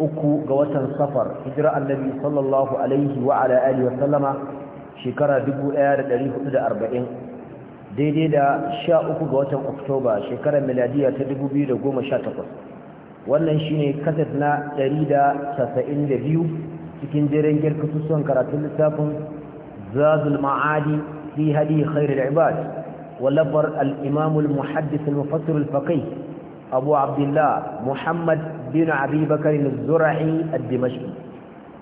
uku ga watan safar hijira annabi sallallahu alaihi wa ala alihi wa sallama shekara 1440 daidai da 13 ga watan oktoba shekarar miladiya ta 2018 wannan shine kasat na 192 cikin jerin girkususun karatun littafin zazul ma'adi fi hadi khairul ibad wallafar al-imam al-muhaddith al-mufassir al-faqih abu abdullah muhammad bin abi bakar al-zura'i ad-dimashqi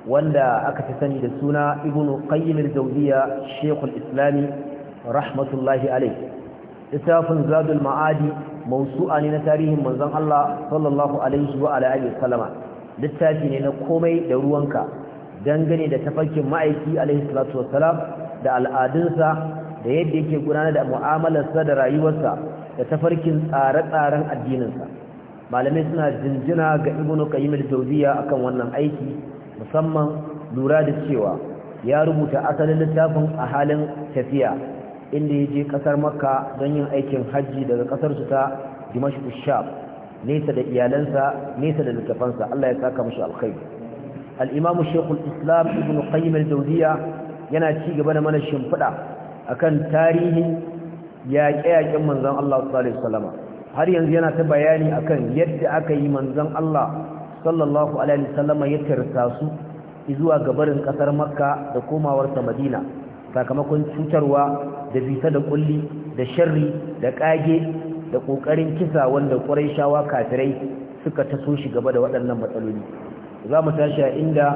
wanda aka fi sani da suna ibn qayyim al-jawziya shaykh al-islam rahmatullahi alayh isafun zadul ma'adi mawsu'a ne na tarihin manzon Allah sallallahu alaihi wa ala alihi sallama littafi ne na komai da ruwanka dangane da tafarkin ma'aiki alaihi salatu wassalam da al'adunsa da yadda yake gudanar da mu'amalarsa da rayuwarsa da tafarkin tsare-tsaren addininsa malamai suna jinjina ga ibnu qayyim al akan wannan aiki musamman lura da cewa ya rubuta asalin littafin a halin tafiya inda ya je kasar makka don yin aikin hajji daga ƙasarsu ta dimashq sham nesa da iyalansa nesa da littafansa Allah ya saka mashi alkhairi al-imam islam ibn qayyim al yana ci gaba da mana shimfiɗa akan tarihin yaƙe-yaƙen manzon Allah sallallahu alaihi wasallam har yanzu yana ta bayani akan yadda aka yi manzon Allah sallallahu alaihi wasallama ya tarsa su zuwa gabarin kasar Makka da komawar ta Madina sakamakon cutarwa da bita da kulli da sharri da kage da kokarin kisa wanda Qurayshawa kafirai suka taso shi gaba da waɗannan matsaloli za mu tashi a inda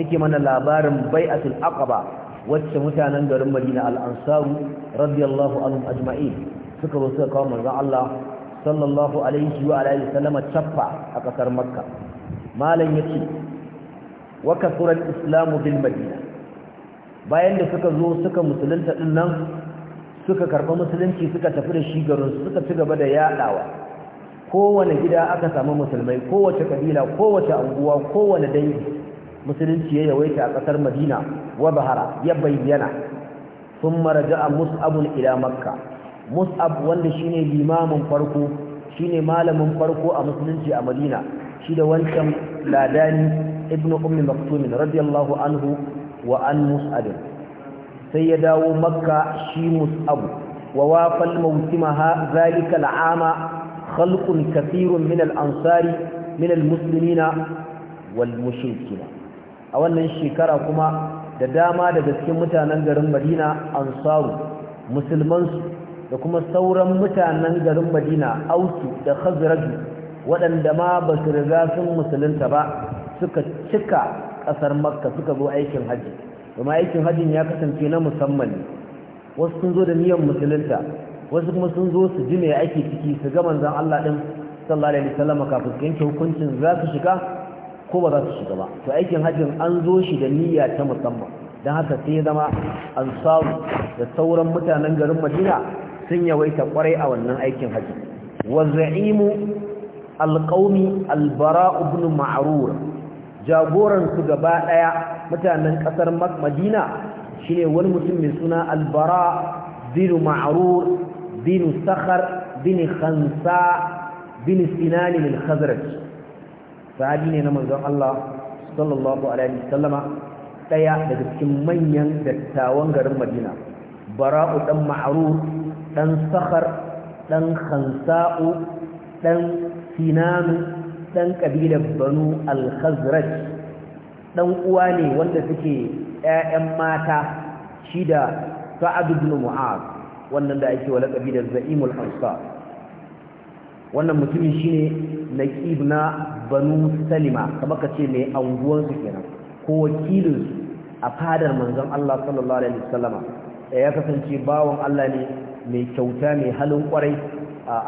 yake mana labarin bai'atul aqaba wacce mutanen garin Madina al-Ansaru radiyallahu anhum ajma'in suka rosa kawo manzon Allah sallallahu alaihi wa sallama cappa a ƙasar makka malam yace wa kasura islamu bil madina bayan da suka zo suka musulunta din nan suka karba musulunci suka tafi da shi garin suka ci gaba da yaɗawa. kowane gida aka samu musulmai kowace kabila kowace anguwa kowane dangi musulunci ya yawaita a ƙasar madina wa bahara ya bayyana ثم musu abun الى Makka. mus'ab wanda shine limamin farko shine malamin farko a musulunci a madina shi da wancan ladani ibnu ummi maktum radiyallahu anhu wa an mus'ab sai ya dawo makka shi mus'ab wa wafal mawtimaha zalika al'ama khalqun kathirun min al-ansari min al-muslimina wal mushrikina a wannan shekara kuma da dama daga cikin mutanen garin Madina ansaru musulman da kuma sauran mutanen garin madina ausu da khazraju waɗanda ma ba su riga sun musulunta ba suka cika ƙasar makka suka zo aikin hajji Kuma aikin hajjin ya kasance na musamman ne wasu sun zo da niyyar musulunta wasu kuma sun zo su ji mai ake ciki su ga manzon Allah din sallallahu alaihi wasallam kafin yanke hukuncin za su shiga ko ba za su shiga ba to aikin hajjin an zo shi da niyya ta musamman don haka sai zama ansaru da sauran mutanen garin madina sun yawaita kwarai a wannan aikin haji wazza'imu za'imu albara'u albara ibn ma'rur jagoran su gaba daya mutanen kasar madina shine wani mutum mai suna albara bin ma'rur bin sakhar bin khansa bin sinan bin khazraj sahabi ne na manzon Allah sallallahu alaihi wasallama daya daga cikin manyan dattawan garin Madina bara'u dan ma'rur ɗan sakar ɗan khansa'u ɗan sinanu ɗan ƙabilar banu al ɗan uwa ne wanda suke ‘ya'yan mata shi da sa'ad mu'az wannan da ake wala ƙabilar za'imul ansar wannan mutumin shine naqib na banu salima kamar ka ce mai anguwansu kenan ko wakilinsu a fadar manzon Allah sallallahu alaihi wasallama ya kasance bawon Allah ne mai kyauta mai halin kwarai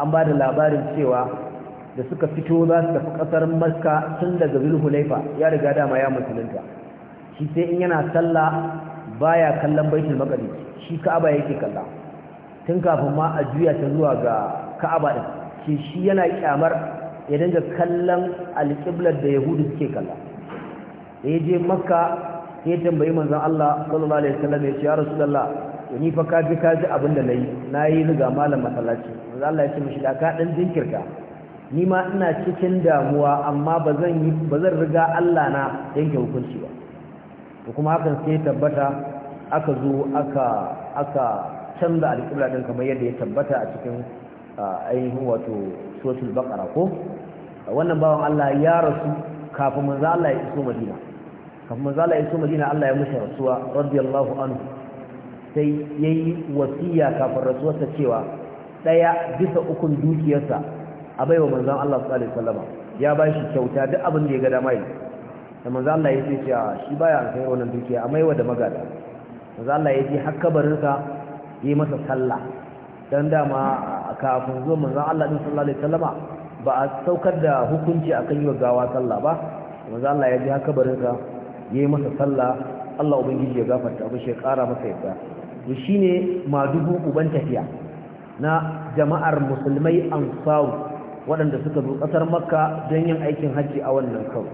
an ba da labarin cewa da suka fito za su tafi kasar maska tun daga zulhulaifa ya riga dama ya musulunta shi sai in yana sallah baya kallon baitul maqdis shi ka'aba yake kalla tun kafin ma a juya ta zuwa ga ka'aba din shi shi yana kyamar ya dinga kallon alƙiblar da yahudu suke kalla da ya je makka sai ya tambayi manzon Allah sallallahu alaihi wasallam ya ce ya rasulullah to ni fa ka ji ka ji abin da na yi na yi ni ga malam masallaci manzo Allah ya ce mishi da ka dan jinkirka ni ma ina cikin damuwa amma ba zan yi bazan riga Allah na yanke hukunci ba to kuma hakan sai tabbata aka zo aka aka canza alƙibla din kamar yadda ya tabbata a cikin ainihin wato suratul baqara ko wannan bawan Allah ya rasu kafin manzo Allah ya iso Madina kafin manzo Allah ya iso Madina Allah ya mushi rasuwa radiyallahu anhu sai ya yi wasiya kafin rasuwarsa cewa ɗaya bisa ukun dukiyarsa a bai wa manzan Allah su alaihi ya ba shi kyauta duk abin da ya gada mai da manzan Allah ya ce cewa shi baya an sayar wannan dukiya a maiwa da magada manzan Allah ya ji har ya yi masa sallah don dama kafin zuwa manzan Allah ɗin sallallahu ba a saukar da hukunci akan yi wa gawa sallah ba manzan Allah ya ji yi masa sallah Allah ubangiji ya gafarta shi ya kara masa yadda shi shine madubu uban tafiya na jama'ar musulmai ansaru waɗanda suka zo ƙasar makka don yin aikin hajji a wannan kawo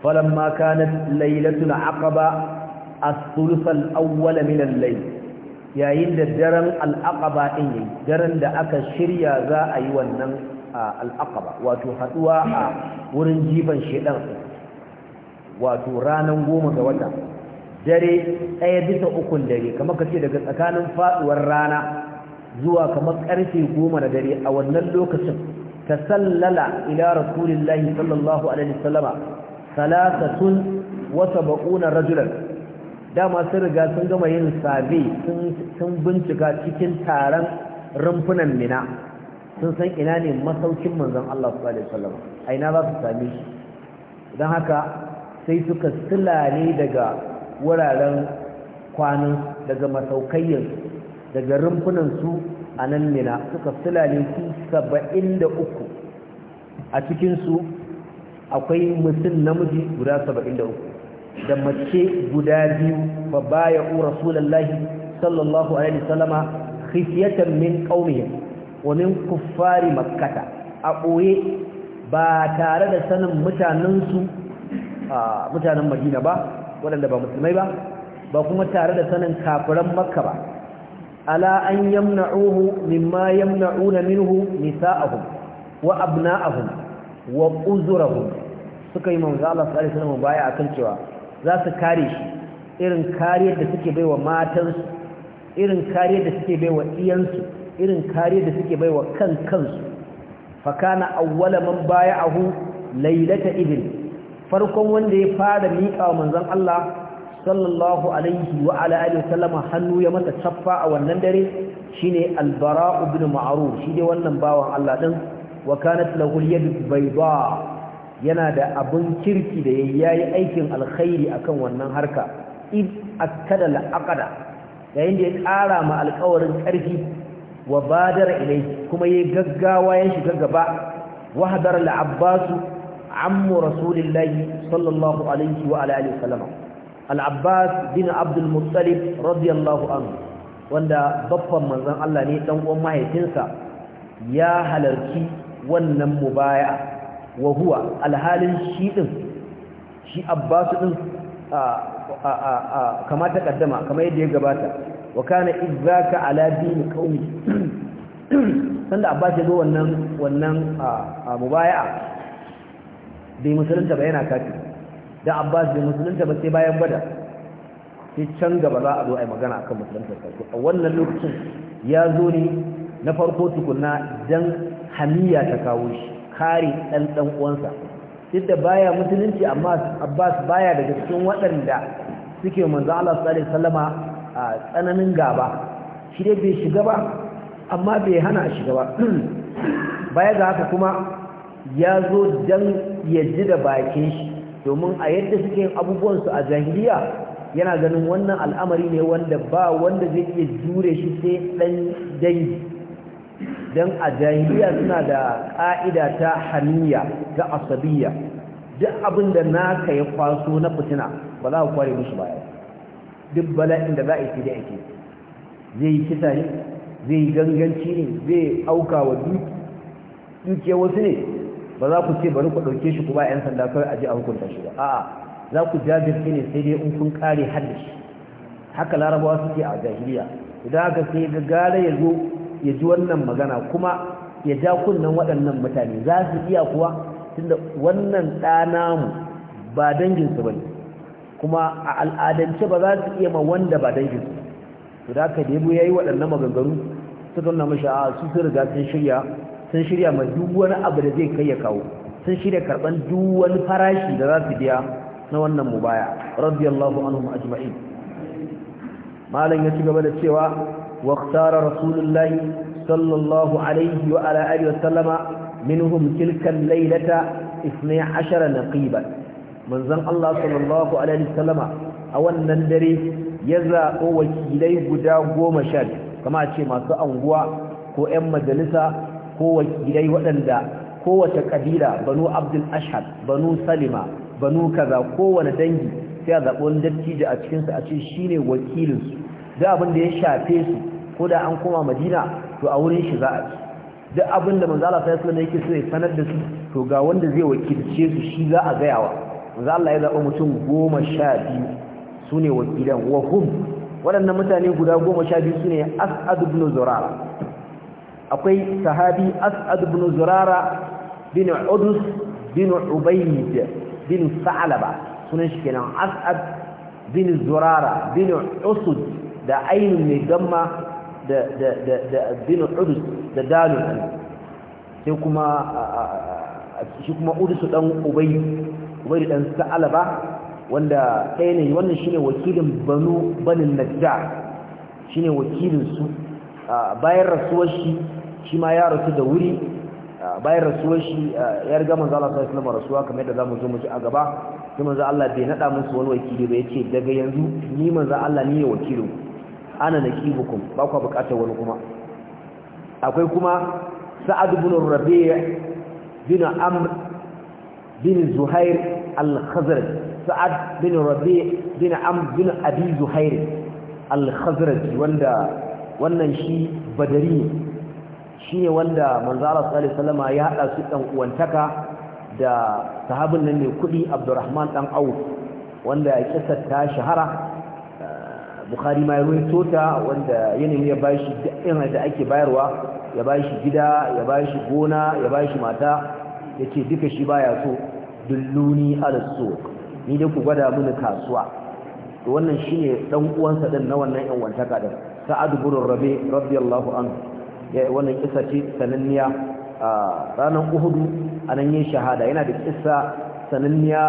Falon maka na aqaba as-sulfal awwal min al yayin da daren al-aqaba din daren da aka shirya za a yi wannan al wato haɗuwa a wurin jifan shedan wato ranar goma ga wata dare ɗaya bisa ukun dare kamar ka ce daga tsakanin faɗuwar rana zuwa kamar ƙarfe goma da dare a wannan lokacin ta sallala ila rasulillahi sallallahu alaihi wasallama salatatun wa sab'una rajulan dama sun riga sun gama yin sabe sun bincika cikin taron rumfunan mina sun san ina ne masaukin manzon Allah sallallahu alaihi wasallama a ina za su same shi don haka sai suka silale daga wuraren kwanan daga masaukayyar daga su, a nan mina suka sulale su saba'in da uku a cikinsu akwai mutum namiji guda saba'in da uku da mace guda biyu ba baya ura sulallahi sallallahu alaihi salama khifiyatan min ƙauniyar, wa min kuffari makkata a ɓoye ba tare da sanin mutanensu mutanen madina ba waɗanda ba musulmai ba ba kuma tare da sanin kafiran makka ba ala an yamna'uhu mimma yamna'una minhu nisa'ahum wa abna'ahum wa uzurahum suka yi manzo Allah sallallahu alaihi wasallam baya akan cewa za su kare shi irin kariyar da suke baiwa matansu irin kariyar da suke baiwa iyansu irin kariyar da suke baiwa kan kansu fakana awwala man baya'ahu Lailata, idin farkon wanda ya fara miƙa wa manzon Allah sallallahu alaihi wa ala alihi hannu ya mata taffa a wannan dare shine al-bara ibn ma'ruf shi dai wannan bawan Allah din wa kanat lahu yad bayda yana da abun kirki da yayi aikin alkhairi akan wannan harka id akkada al-aqada yayin da ya ƙara ma alƙawarin ƙarfi wa badara ilai kuma yayi gaggawa ya shiga gaba wa hadara al عم رسول الله صلى الله عليه وعلى اله وسلم العباس بن عبد المطلب رضي الله عنه wanda baffan manzon Allah ne dan uwan mahaifinsa ya halarci wannan mubaya wa huwa alhalin shi din shi Abbas din a kama ta kaddama yadda ya gabata wa kana izzaka ala dini qaumi sanda Abbas ya zo wannan wannan mubaya bai musulunta ba yana kafi da abbas bai musulunta ba sai bayan bada sai can gaba za a zo a yi magana akan musulunta sarki a wannan lokacin ya zo ne na farko tukunna dan hamiya ta kawo shi kare ɗanɗan uwansa duk da baya musulunci amma abbas baya daga cikin waɗanda suke manzo Allah sallallahu alaihi wasallama a tsananin gaba shi dai bai shiga ba amma bai hana shiga ba baya ga haka kuma ya zo don ya ji da bakin shi domin a yadda suke yin abubuwansu a jahiliya yana ganin wannan al'amari ne wanda ba wanda zai iya jure shi sai ɗan dangi don a jahiliya suna da ƙa'ida ta haniya ta asabiya duk abin da naka ya kwaso na fitina ba za ku kware musu baya duk bala'in da za a yi da ake zai yi kisa ne zai yi ganganci ne zai auka wa duk wasu ne ba za ku ce bari ku ɗauke shi ku a 'yan sanda kawai a a hukunta shi ba a'a za ku jajirce ne sai dai in kun kare hadda shi haka larabawa suke a jahiliya idan haka sai ga gara ya zo ya ji wannan magana kuma ya ja kunnen waɗannan mutane za su iya kuwa tunda wannan ɗana ba danginsu ba ne kuma a al'adance ba za su iya ma wanda ba dangin su. da haka ya yi waɗannan maganganu suka nuna mashi a su sun riga sun shirya sun shirya ma duk wani abu da zai kai ya kawo sun shirya karban duk wani farashi da za su biya na wannan mubaya radiyallahu anhum ajma'in malam ya ci gaba da cewa wa ikhtara rasulullahi sallallahu alaihi wa ala alihi wa sallama minhum tilka laylata 12 naqiban manzon Allah sallallahu alaihi wa sallama a wannan dare ya zaɓo wakilai guda goma sha a ce masu anguwa ko 'yan majalisa ko wakilai waɗanda kowace kabila banu abdul ashad banu salima banu kaza kowane dangi sai a zaɓi wani dattijo a cikinsu a ce shi ne wakilinsu duk abin da ya shafe su ko da an koma madina to a wurin shi za a ci duk abin da sai islam yake so ya sanar da su to ga wanda zai wakilce su shi za a gayawa manzo Allah ya zaɓa mutum goma sha biyu su ne wakilan wa hum waɗannan mutane guda goma sha biyu su ne as'ad ibn zurara akwai sahabi as'ad ibn zurara bin udus bin ubayd bin sa'laba sunan shi kenan as'ad bin zurara bin usud da ainun mai gamma da bin udus da dalun sai kuma shi kuma udus dan ubayd ubayd dan sa'laba wanda ɗaya ne wannan shine wakilin banu banin najjar shine wakilin su bayan rasuwar shi shi ma ya rasu da wuri bayan rasuwar shi ya riga manzo Allah sallallahu alaihi wasallam rasuwa kamar yadda zamu zo mu ci a gaba sai manzo Allah bai nada musu wani wakili ba yace daga yanzu ni manzo Allah ni ne wakilin ana nakibukum ba ku bukatar wani kuma akwai kuma Sa'ad ibn Rabi' bin Amr bin Zuhair al-Khazraj Sa'ad bin Rabi' bin Amr bin Abi Zuhair al-Khazraj wanda wannan shi badari shine wanda manzara Allah sallallahu alaihi ya hada su dan uwantaka da sahabin nan ne kudi Abdurrahman dan au wanda ya kisa ta shahara Bukhari ma ya rawaito wanda yanayi ya bashi dukkan da ake bayarwa ya bashi gida ya bashi gona ya bashi mata yace duka shi baya so dulluni ala suq ni dai ku gwada mini kasuwa to wannan shine dan uwansa din na wannan yan wantaka din sa'ad bin rabi radiyallahu anhu wannan kisa ce sananniya a ranar uhudu a nan yin shahada yana da kisa sananniya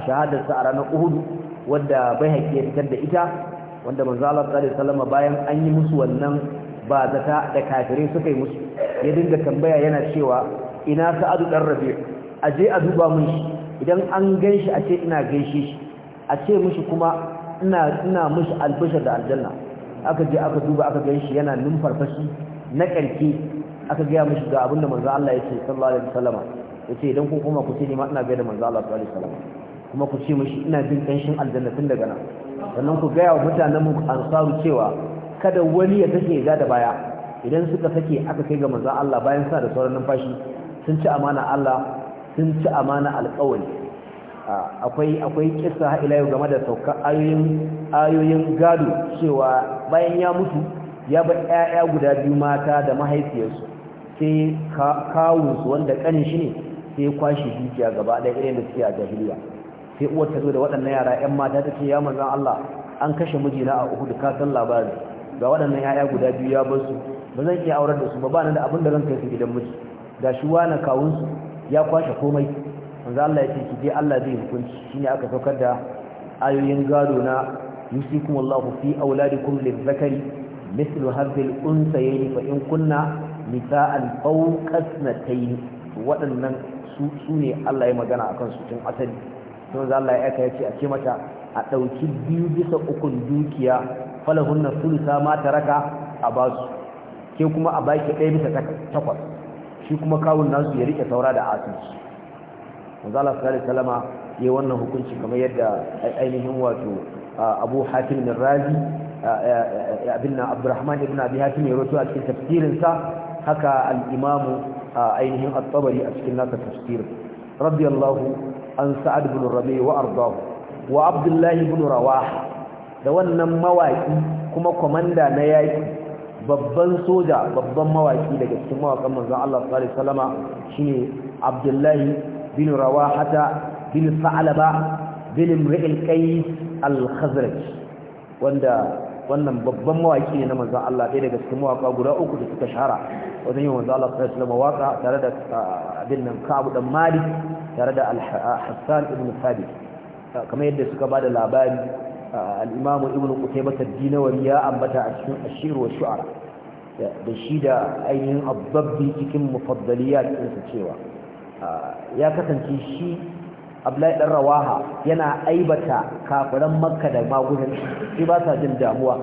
a shahadarsa a ranar uhudu wadda bai haƙi ya fitar da ita wanda manzo tsari salama. bayan an yi musu wannan ba zata da kafirai suka yi musu ya dinga tambaya yana cewa ina sa'adu dan A je a duba mun shi idan an ganshi a ce ina gaishe shi a ce mushi kuma ina ina mushi albashar da aljanna aka je aka duba aka ganshi yana numfarfashi na karki aka gaya mishi ga abinda manzo Allah yake sallallahu alaihi wasallama yace idan ku kuma ku ce ni ma ina gaida manzo Allah sallallahu alaihi wasallama kuma ku ce ina jin kanshin aljanna tun daga nan sannan ku gaya wa mutanen mu ansaru cewa kada wani ya take ga da baya idan suka sake aka kai ga manzo Allah bayan sa da sauran numfashi sun ci amana Allah sun ci amana alƙawari akwai akwai kissa ha ila yau game da saukar ayoyin ayoyin gado cewa bayan ya mutu ya bar ƴaƴa guda biyu mata da mahaifiyarsu sai kawunsu wanda ƙanin shi ne sai ya kwashe dukiya gaba ɗaya irin da suke a jahiliya sai uwar ta zo da waɗannan yara ƴan mata ta ce ya manzan Allah an kashe mijina a Uhud ka san labari ga waɗannan ƴaƴa guda biyu ya bar su ba zan iya aurar da su ba ba da abin da zan kai su gidan miji ga shi wani kawunsu ya kwashe komai manzan Allah ya ce ki je Allah zai hukunci Shi ne aka saukar da ayoyin gado na yusikumullahu fi auladikum lizakari مثل هذه الأنثيين فإن كنا نساء فوق اثنتين waɗannan su ne Allah ya magana a kansu tun asali sun za Allah ya aika ya ce a ce mata a ɗauki biyu bisa ukun dukiya falahun na sulsa ma ta raka a basu ke kuma a baki ɗaya bisa takwas shi kuma kawun nasu ya rike saura da asibiti manzo Allah sallallahu salama ya yi wannan hukunci kamar yadda ainihin wato Abu Hatim bin Razi abin nan abdurrahman ibn abi hatim ya rawaito a cikin tafsirinsa haka al-imamu ainihin at-tabari a cikin nasa tafsirin radiyallahu an sa'ad ibn rabi wa ardahu wa abdullah ibn rawah da wannan mawaki kuma komanda na yayi babban soja babban mawaki daga cikin mawakan manzon Allah sallallahu alaihi wasallama shine abdullah bin ta bin sa'alaba bin imri al-qais al-khazraj wanda wannan babban mawaki ne na manzon Allah ɗaya daga cikin mawaka guda uku da suka shahara wajen yin manzon Allah sallallahu alaihi wasallam waka tare da ah, abin nan Ka'ab dan Malik tare da Hassan ibn Thabit ah, kamar yadda suka bada labari ah, al-Imam Ibn Qutaybah ad-Dinawi ya ambata a cikin Ashir wa Shu'ara da shi da ainihin ababbi cikin mufaddaliyat ɗinsa cewa ya kasance shi abdullahi dan rawaha yana aibata kafiran makka da magudan shi ba sa jin damuwa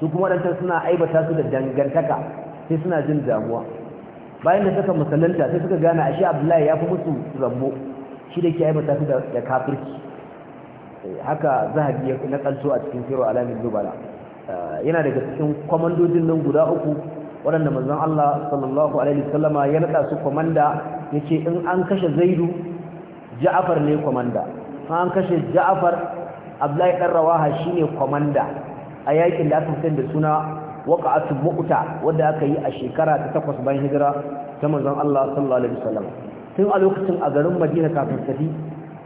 su kuma wadancan suna aibata su da dangantaka sai suna jin damuwa bayan da suka musallanta sai suka gane ashe abdullahi ya fi musu zambo shi da ke aibata su da kafirci eh, haka zahabi ya nakalto a cikin sirru alamin zubala eh, yana daga cikin kwamandojin nan guda uku waɗanda manzon Allah sallallahu alaihi wasallama ya nada su komanda yace in an kashe zaidu ja'far ne komanda an kashe ja'far abdullahi dan rawaha shine komanda a yakin da aka fitar da suna waqa'atu mu'ta wanda aka yi a shekara ta 8 bayan hijira ta manzon Allah sallallahu alaihi wasallam tun a lokacin a garin Madina kafin tafi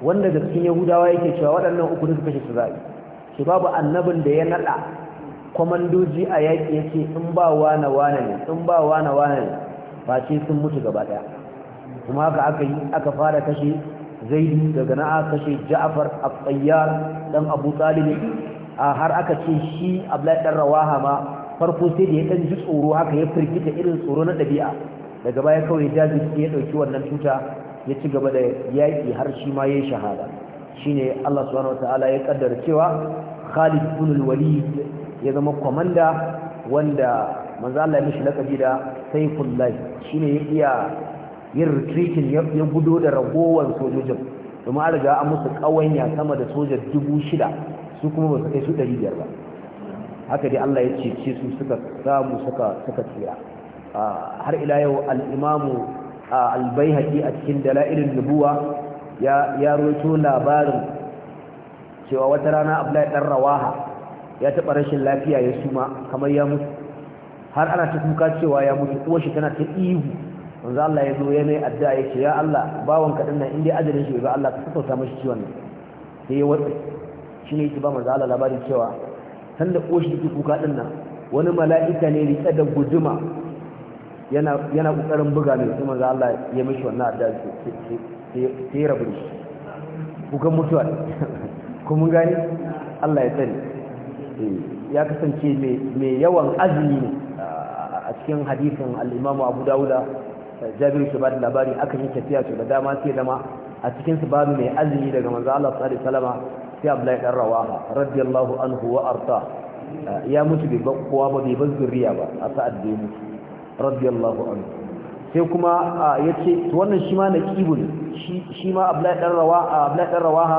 wanda da cikin Yahudawa yake cewa waɗannan uku ne suka kashe su shi babu annabin da ya nada komandoji a yaki yake in ba wana wana ne in ba wana wana ne ba ce sun mutu gaba daya kuma haka aka yi aka fara kashe zai daga na'a kashe ja'afar a tayyar dan abu a har aka ce shi abdullahi ɗan rawaha ma farko sai da ya ɗan ji tsoro haka ya firgita irin tsoro na ɗabi'a daga baya kawai daji ya ɗauki wannan tuta ya ci gaba da yaƙi har shi ma ya yi shahada shine Allah subhanahu ta'ala ya ƙaddara cewa Khalid ibn wali walid ya zama kwamanda wanda manzo Allah ya mishi lakabi da Saifullah shine ya iya yin retreating ya gudo da ragowar sojojin domin an riga an musu ƙawanya sama da soja dubu shida su kuma ba su kai su ɗari ba haka dai Allah ya cece su suka samu suka suka tsira har ila yau Al'imamu imamu al a cikin dalailin nubuwa ya roto labarin cewa wata rana Abdullahi ɗan Rawaha ya taɓa rashin lafiya ya suma kamar ya mutu har ana ta kuka cewa ya mutu uwar shi tana ta ihu manzo Allah ya zo ya mai ya ce ya Allah bawon kaɗin nan inda ajalin shi ba Allah ka sassauta mashi ciwon nan sai ya watsa ya ci ba manzo Allah labarin cewa san da shi yake kuka nan. wani mala'ika ne rike da guduma yana ƙoƙarin buga mai su manzo Allah ya mishi wannan adda sai sai ya rabu shi kukan mutuwa ne mun gani Allah ya tsare eh, ya kasance mai yawan azumi ne a cikin hadisin al'imamu Abu dawuda jabiru ke ba da labari akan yi tafiya su da dama sai zama a cikin su babu mai azumi daga manzo Allah sallallahu alaihi wasallam sai Abdullahi dan Rawaha radiyallahu anhu wa arda ya mutu bai kowa ba bai zuriya ba a sa'ad da ya mutu radiyallahu anhu sai kuma yace to wannan shi ma naqibu ne shi ma Abdullahi dan Rawaha Abdullahi dan Rawaha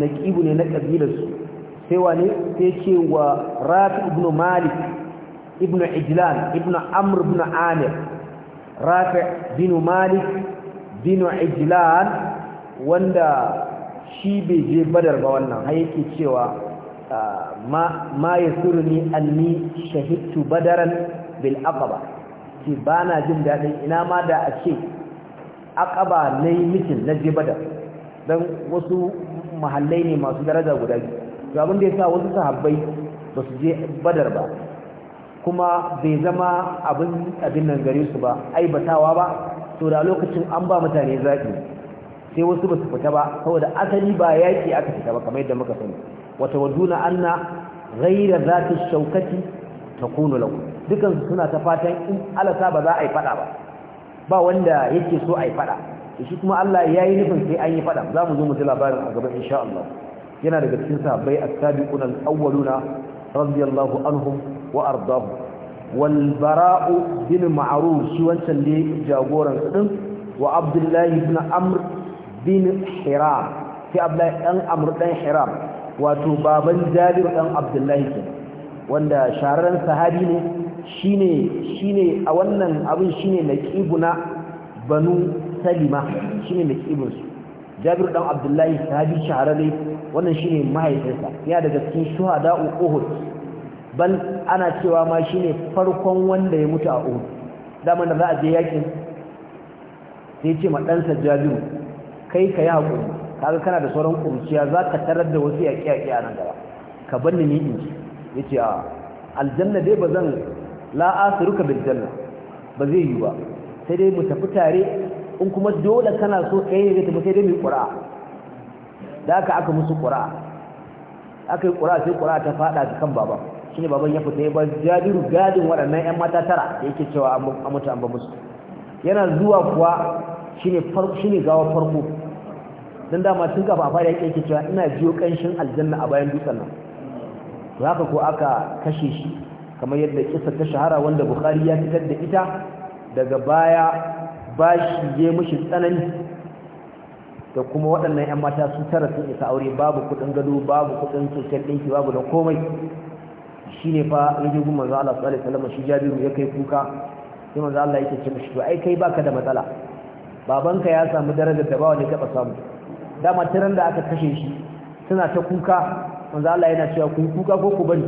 naqibu ne na kabilar su sai wane sai ce wa Rafi ibn Malik ibn Ijlan ibn Amr ibn Amir rafi binu malik binu ijilan wanda shi bai je badar ba wannan har yake cewa ah, ma ya surni anni shahidtu badaran bil aqaba ki bana jin daɗin ina ma da a ce aqaba yi mitin na je badar don wasu mahallai ne masu daraja guda biyu to abin da sa wasu sahabbai ba su je badar ba kuma bai zama abin nan gare su ba aibatawa ba to da lokacin an ba mutane zaɓi sai wasu ba su fita ba saboda asali ba yaƙi aka fita ba kamar yadda muka sani wata waduna anna ghaira zati shaukati takunu lahu dukan suna ta fatan in alasa ba za a yi fada ba ba wanda yake so a yi fada shi kuma Allah ya yi nufin sai an yi fada za mu zo mu ji labarin a gaba insha Allah yana daga cikin sahabbai as-sabiquna al-awwaluna radiyallahu anhum wa ardahu wal bara'u bin ma'ruf shi wancan ne jagoran din wa abdullahi ibn amr bin hiram sai abdullahi dan amr dan hiram wato baban jabir dan abdullahi kenan wanda shahararren sahabi ne shine shine a wannan abin shine naqibuna banu salima shine naqibinsu jabir dan abdullahi sahabi shahararre wannan ne mahaifinsa ya daga cikin shuhada uhud bal ana cewa ma shine farkon wanda ya mutu a Uhud zaman da za a je yakin sai ce ma dan sajjadu kai ka yi hakuri kaga kana da sauran kurciya zaka tarar da wasu yaki yaki a nan gaba ka banni ni in yace a aljanna dai bazan la asruka bil janna ba zai yi ba sai dai mu tafi tare in kuma dole kana so kai ne tafi sai dai mu qura'a da aka aka musu qura'a aka yi qura'a sai qura'a ta fada kan baba shine baban ya fita ya bar jabiru gadin waɗannan ƴan mata tara da yake cewa a mutu an ba musu yana zuwa kuwa shine farko shine farko dan dama tun kafa fara yake yake cewa ina jiyo kanshin aljanna a bayan dutsen nan to ko aka kashe shi kamar yadda kissa ta shahara wanda bukhari ya fitar da ita daga baya bashi ya mishi tsanani da kuma waɗannan 'yan mata su tara sun isa aure babu kuɗin gado babu kuɗin cikin ɗinki babu don komai Shi ne fa yaje gun manzo Allah sallallahu alaihi wasallam shi Jabiru ya kai kuka sai manzo Allah yake ce mishi to ai kai baka da matsala babanka ya samu darajar da ba wani taba samu dama tiran da aka kashe shi suna ta kuka manzo Allah yana cewa ku kuka ko ku bari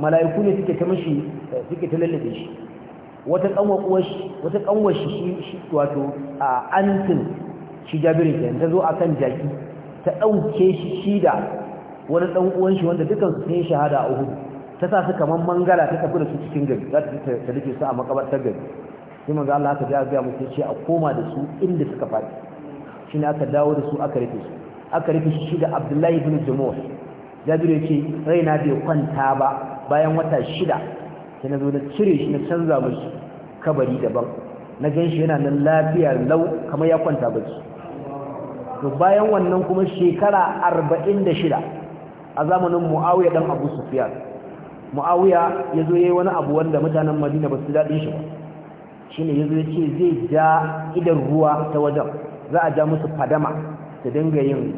mala'iku ne suke ta mishi suke ta lallabe shi wata kanwa uwar shi wata kanwar shi shi wato a antin shi Jabiru kenan ta zo akan jaki ta dauke shi shida wani dan uwan shi wanda dukan su sai shahada a Uhud ta sa su kamar mangala ta tafi da su cikin gari za ta ta rike su a makabartar gari sai manzo Allah aka ga ga musu ce a koma da su inda suka shi shine aka dawo da su aka rufe su aka rufe shi da Abdullahi ibn Jumuh Jabiru yace raina bai kwanta ba bayan wata shida sai na zo cire shi na canza mishi kabari daban na gan shi yana nan lafiya lau kamar ya kwanta ba shi to bayan wannan kuma shekara 46 a zamanin Muawiya dan Abu Sufyan muawiya ya zo yayi wani abu wanda mutanen madina ba su daɗin shi ba shine ya zo ya ce zai ja idan ruwa ta wajen za a ja musu fadama su dinga yin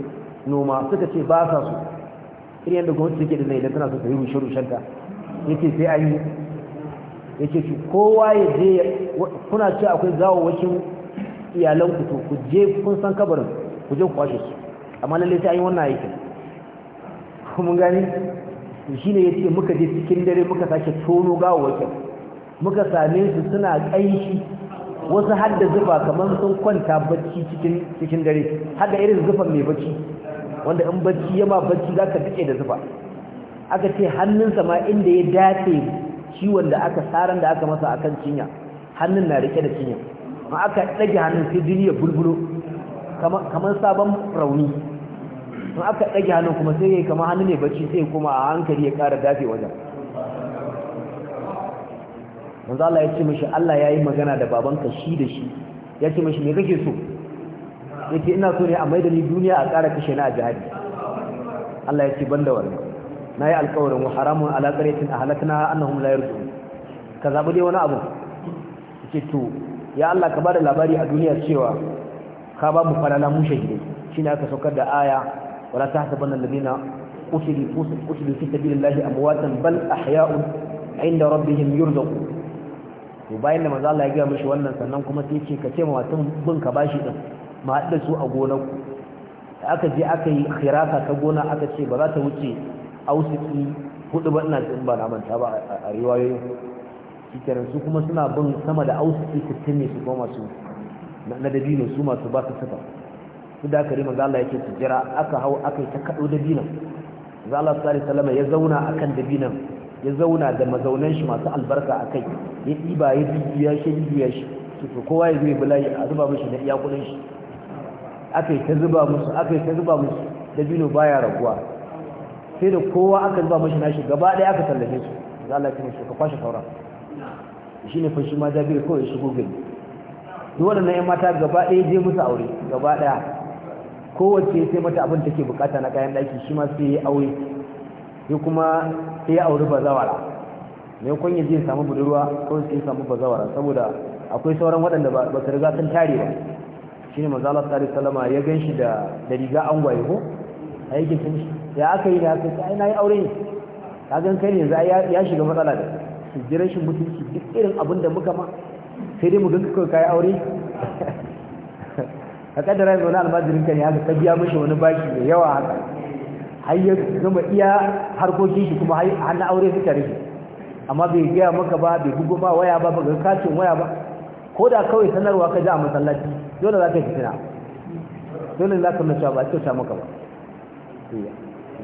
noma suka ce ba sa su irin yadda gwamnati take da zai idan tana so ta yi rushe rushenta ya ce sai an yi ya ce kowa ya je kuna ce akwai gawawakin iyalan ku to ku je kun san kabarin ku je ku kwashe su amma lalle sai an yi wannan aikin mun gani to shine ce muka je cikin dare muka sake tono gawawakin muka same su suna ƙanshi wasu hadda zufa kamar sun kwanta bacci cikin dare haka irin zufan mai bacci wanda in bacci yama bacci ka fice da zufa aka ce hannunsa ma inda ya dace ciwon da aka tsaron da aka masa akan cinya hannun na rike da cinya ma aka ɗage hannun sai jini ya bulbulo kamar sabon rauni in aka ɗage hannun kuma sai ya kama hannu ne bacci sai kuma a hankali ya ƙara dafe wajen manzo Allah ya ce mishi Allah ya yi magana da babanka shi da shi ya ce mishi me kake so ya ce ina so ne a maida ni duniya a ƙara kashe na a jihadi Allah ya ce ban da wannan na yi alƙawarin wa haramun alaƙaretin a halakna annahum la yarju ka zaɓi dai wani abu ce to ya Allah ka ba da labari a duniya cewa ka ba mu falala mu shahidai shine aka saukar da aya ولا تحسبن الذين قتلوا قتلوا في سبيل الله امواتا بل احياء عند ربهم يرزقون to bayan da manzo Allah ya gaya wannan sannan kuma sai ce ka ce ma watan bin ka bashi din ma hada su a gonar ku aka je aka yi khiraka ta gona aka ce ba za ta wuce ausiki hudu ba ina jin ba na manta ba a riwayoyin shikenan su kuma suna bin sama da ausiki 60 ne su kuma masu na dabino su masu ba su sata su da kare manzo Allah yake su jira aka hau aka yi ta kado dabinan manzo Allah sallallahu alaihi wasallam ya zauna akan dabinan ya zauna da mazaunan shi masu albarka akai ya diba ya bibiya shi bibiya shi to kowa ya zai bulayi a zuba mishi da iya kudin shi aka yi ta zuba musu aka yi ta zuba musu dabino baya raguwa sai da kowa aka zuba mishi nashi gaba ɗaya aka tallafe su manzo Allah ya shi ka kwashe sauran shi ne fashi ma jabiru kawai shigo gari duk waɗannan 'yan mata gaba ɗaya je musu aure gaba ɗaya kowace sai mata abin take bukata na kayan daki shi ma sai ya aure sai kuma sai ya auri bazawara ne kun yaje samu budurwa ko sai ya samu bazawara saboda akwai sauran waɗanda ba su riga sun tare ba shine manzo Allah sallallahu alaihi wasallam ya ganshi da da riga an gwaye ko aikin sun ya aka yi da aka sai na yi aure ne ka gan kai yanzu ya shiga matsala da su jira shi mutunci duk irin abin da muka ma sai dai mu ganka kai aure ka kaddara zaune almajirin ka ne haka ka biya wani baki da yawa haka har ya gama iya harkokin shi kuma har na aure suka shi. amma bai gaya maka ba bai gugu ba waya ba ba kacin waya ba ko da kawai sanarwa ka ji a masallaci dole za ka yi fitina dole za ka mace ba a kyauta maka ba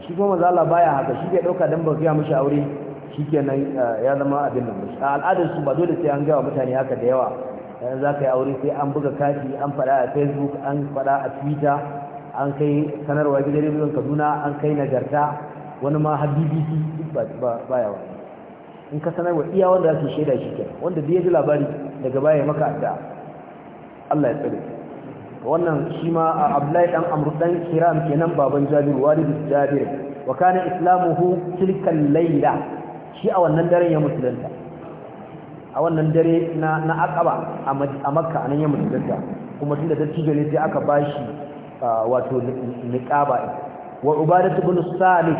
shi kuma maza Allah baya haka shi ke ɗauka don ba gaya mishi aure shi nan eh, ya zama abin da a al'adarsu ba dole sai an gaya mutane haka da yawa yanzu eh, za ka yi aure sai an buga kati an fada a facebook an fada a twitter an kai sanarwa gidan rediyon kaduna an kai nagarta wani ma har bbc ba yawa in ka sanarwa iya wanda za su shaida shi ke wanda da ya ji labari daga baya maka adda allah ya tsare wannan shi ma a abdullahi dan amru dan kiram kenan baban jabir walidu jabir wa kana islamuhu tilkan layla shi a wannan daren ya musulunta a wannan dare na na a makka anan ya mutu gaskiya kuma tunda dattijo ne sai aka bashi wato niqaba wa ubadatu ibn salih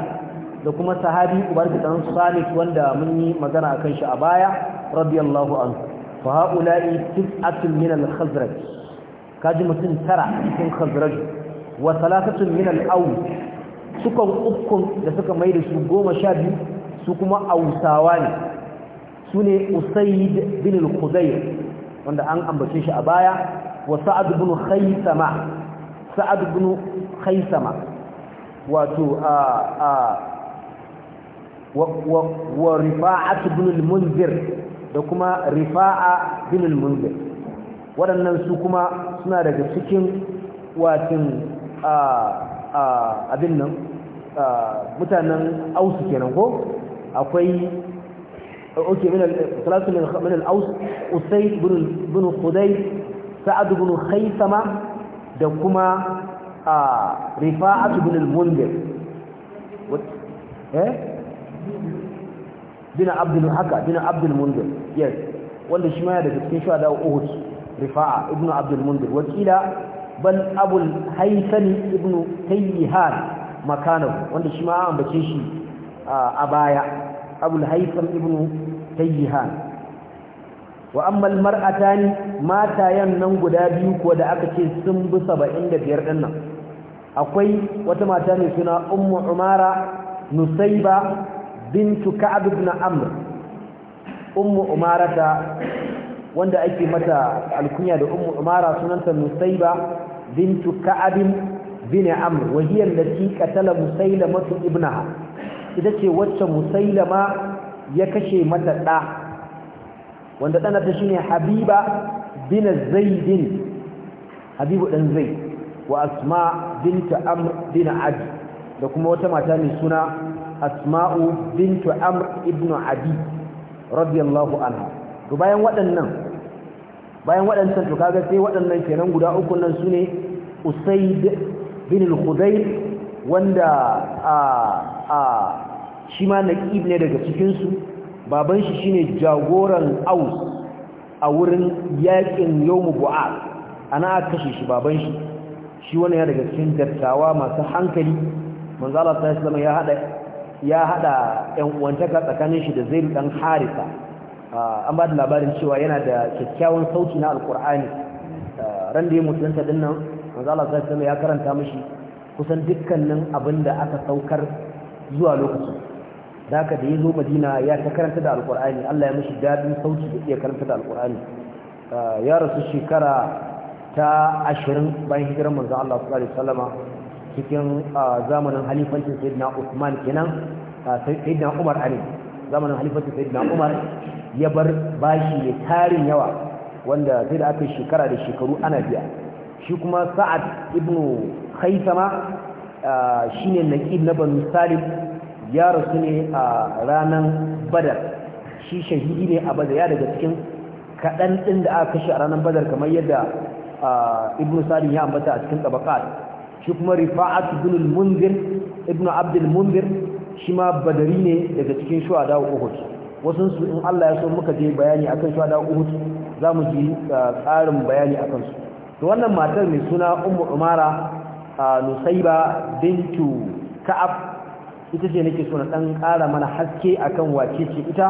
da kuma sahabi ubadatu dan salih wanda mun yi magana akan shi a baya radiyallahu anhu fa haula'i tis'atun min al-khazraj kaji mutum tara cikin khazraj wa thalathatun min al sukan ukkun da suka mai da su goma sha biyu su kuma ausawa ne sune usayd bin al qudayr wanda an ambace shi a baya wa sa'ad bin khaysama sa'ad bin khaysama wato a a wa rifa'at bin al-munzir da kuma rifa'a bin al-munzir waɗannan su kuma suna daga cikin watin a a abin nan mutanen ausu kenan ko akwai اوكي من ثلاثه من من الاوس اسيد بن بن خدي سعد بن da kuma a rifa'at ibn bin abdul haka bin abdul mundir yes wanda shi ma ya daga cikin shuhada uhud rifa'a ibn abdul mundir wakila bal abul haythani ibn tayyihan makanahu wanda shi bace shi a baya abul haytham sayyiha wa amma almar'atani matayen nan guda biyu ko da aka ce sun bi 75 din nan akwai wata mata mai suna ummu umara nusayba bintu ka'ab ibn amr ummu ta wanda ake mata alkunya da ummu umara sunanta nusayba bintu ka'ab bin amr wa hiya allati qatala musailama ibnaha ita ce wacce musailama ya kashe mata ɗa wanda ɗanata shi ne habiba bin zaidin habibu ɗan zai wa asma binta amr bin adi da kuma wata mata mai suna asma'u bintu amr ibn adi radiyallahu anha to bayan waɗannan bayan waɗancan to kaga sai waɗannan kenan guda uku nan su ne usaid bin al-khudayr wanda a a shi ma naqib ne daga cikin su baban shi shine jagoran aus a wurin yakin yawmu bua ana aka kashe shi baban shi shi wani ya daga cikin dattawa masu hankali manzo Allah sallallahu alaihi ya hada ya hada ƴan uwantaka tsakanin shi da Zaid dan Harisa an ba da labarin cewa yana da kyakkyawan sauti na alkur'ani ran da ya mutunta dinnan manzo Allah sallallahu alaihi ya karanta mashi kusan dukkanin abin da aka saukar zuwa lokacin da haka da ya zo madina ya ta karanta da alkur'ani allah ya mashi daɗin sauci da iya karanta da alkur'ani ah, ya rasu shekara ta ashirin bayan hijirar manzo allah sallallahu alaihi salama cikin ah, zamanin halifancin sayyidina usman kenan ah, sayyidina umar ali zamanin halifancin sayyidina umar ya bar bashi ya tarin yawa wanda sai da aka shekara da shekaru ana biya shi kuma sa'ad ibnu khaisama shine naqib na banu salim ya rasu ne a ranar badar shi shahidi ne a badar ya daga cikin kaɗan ɗin da aka kashe a ranar badar kamar yadda ibn sadi ya ambata a cikin tabakat shi kuma rifa'at ibn al-munzir ibn abd munzir shi ma badari ne daga cikin shuhada uhud wasu su in Allah ya so muka je bayani akan shuhada uhud za mu ji tsarin bayani akan su to wannan matar mai suna ummu umara nusaiba bintu ka'ab ita ce nake so na ƙara mana haske akan wace ce ita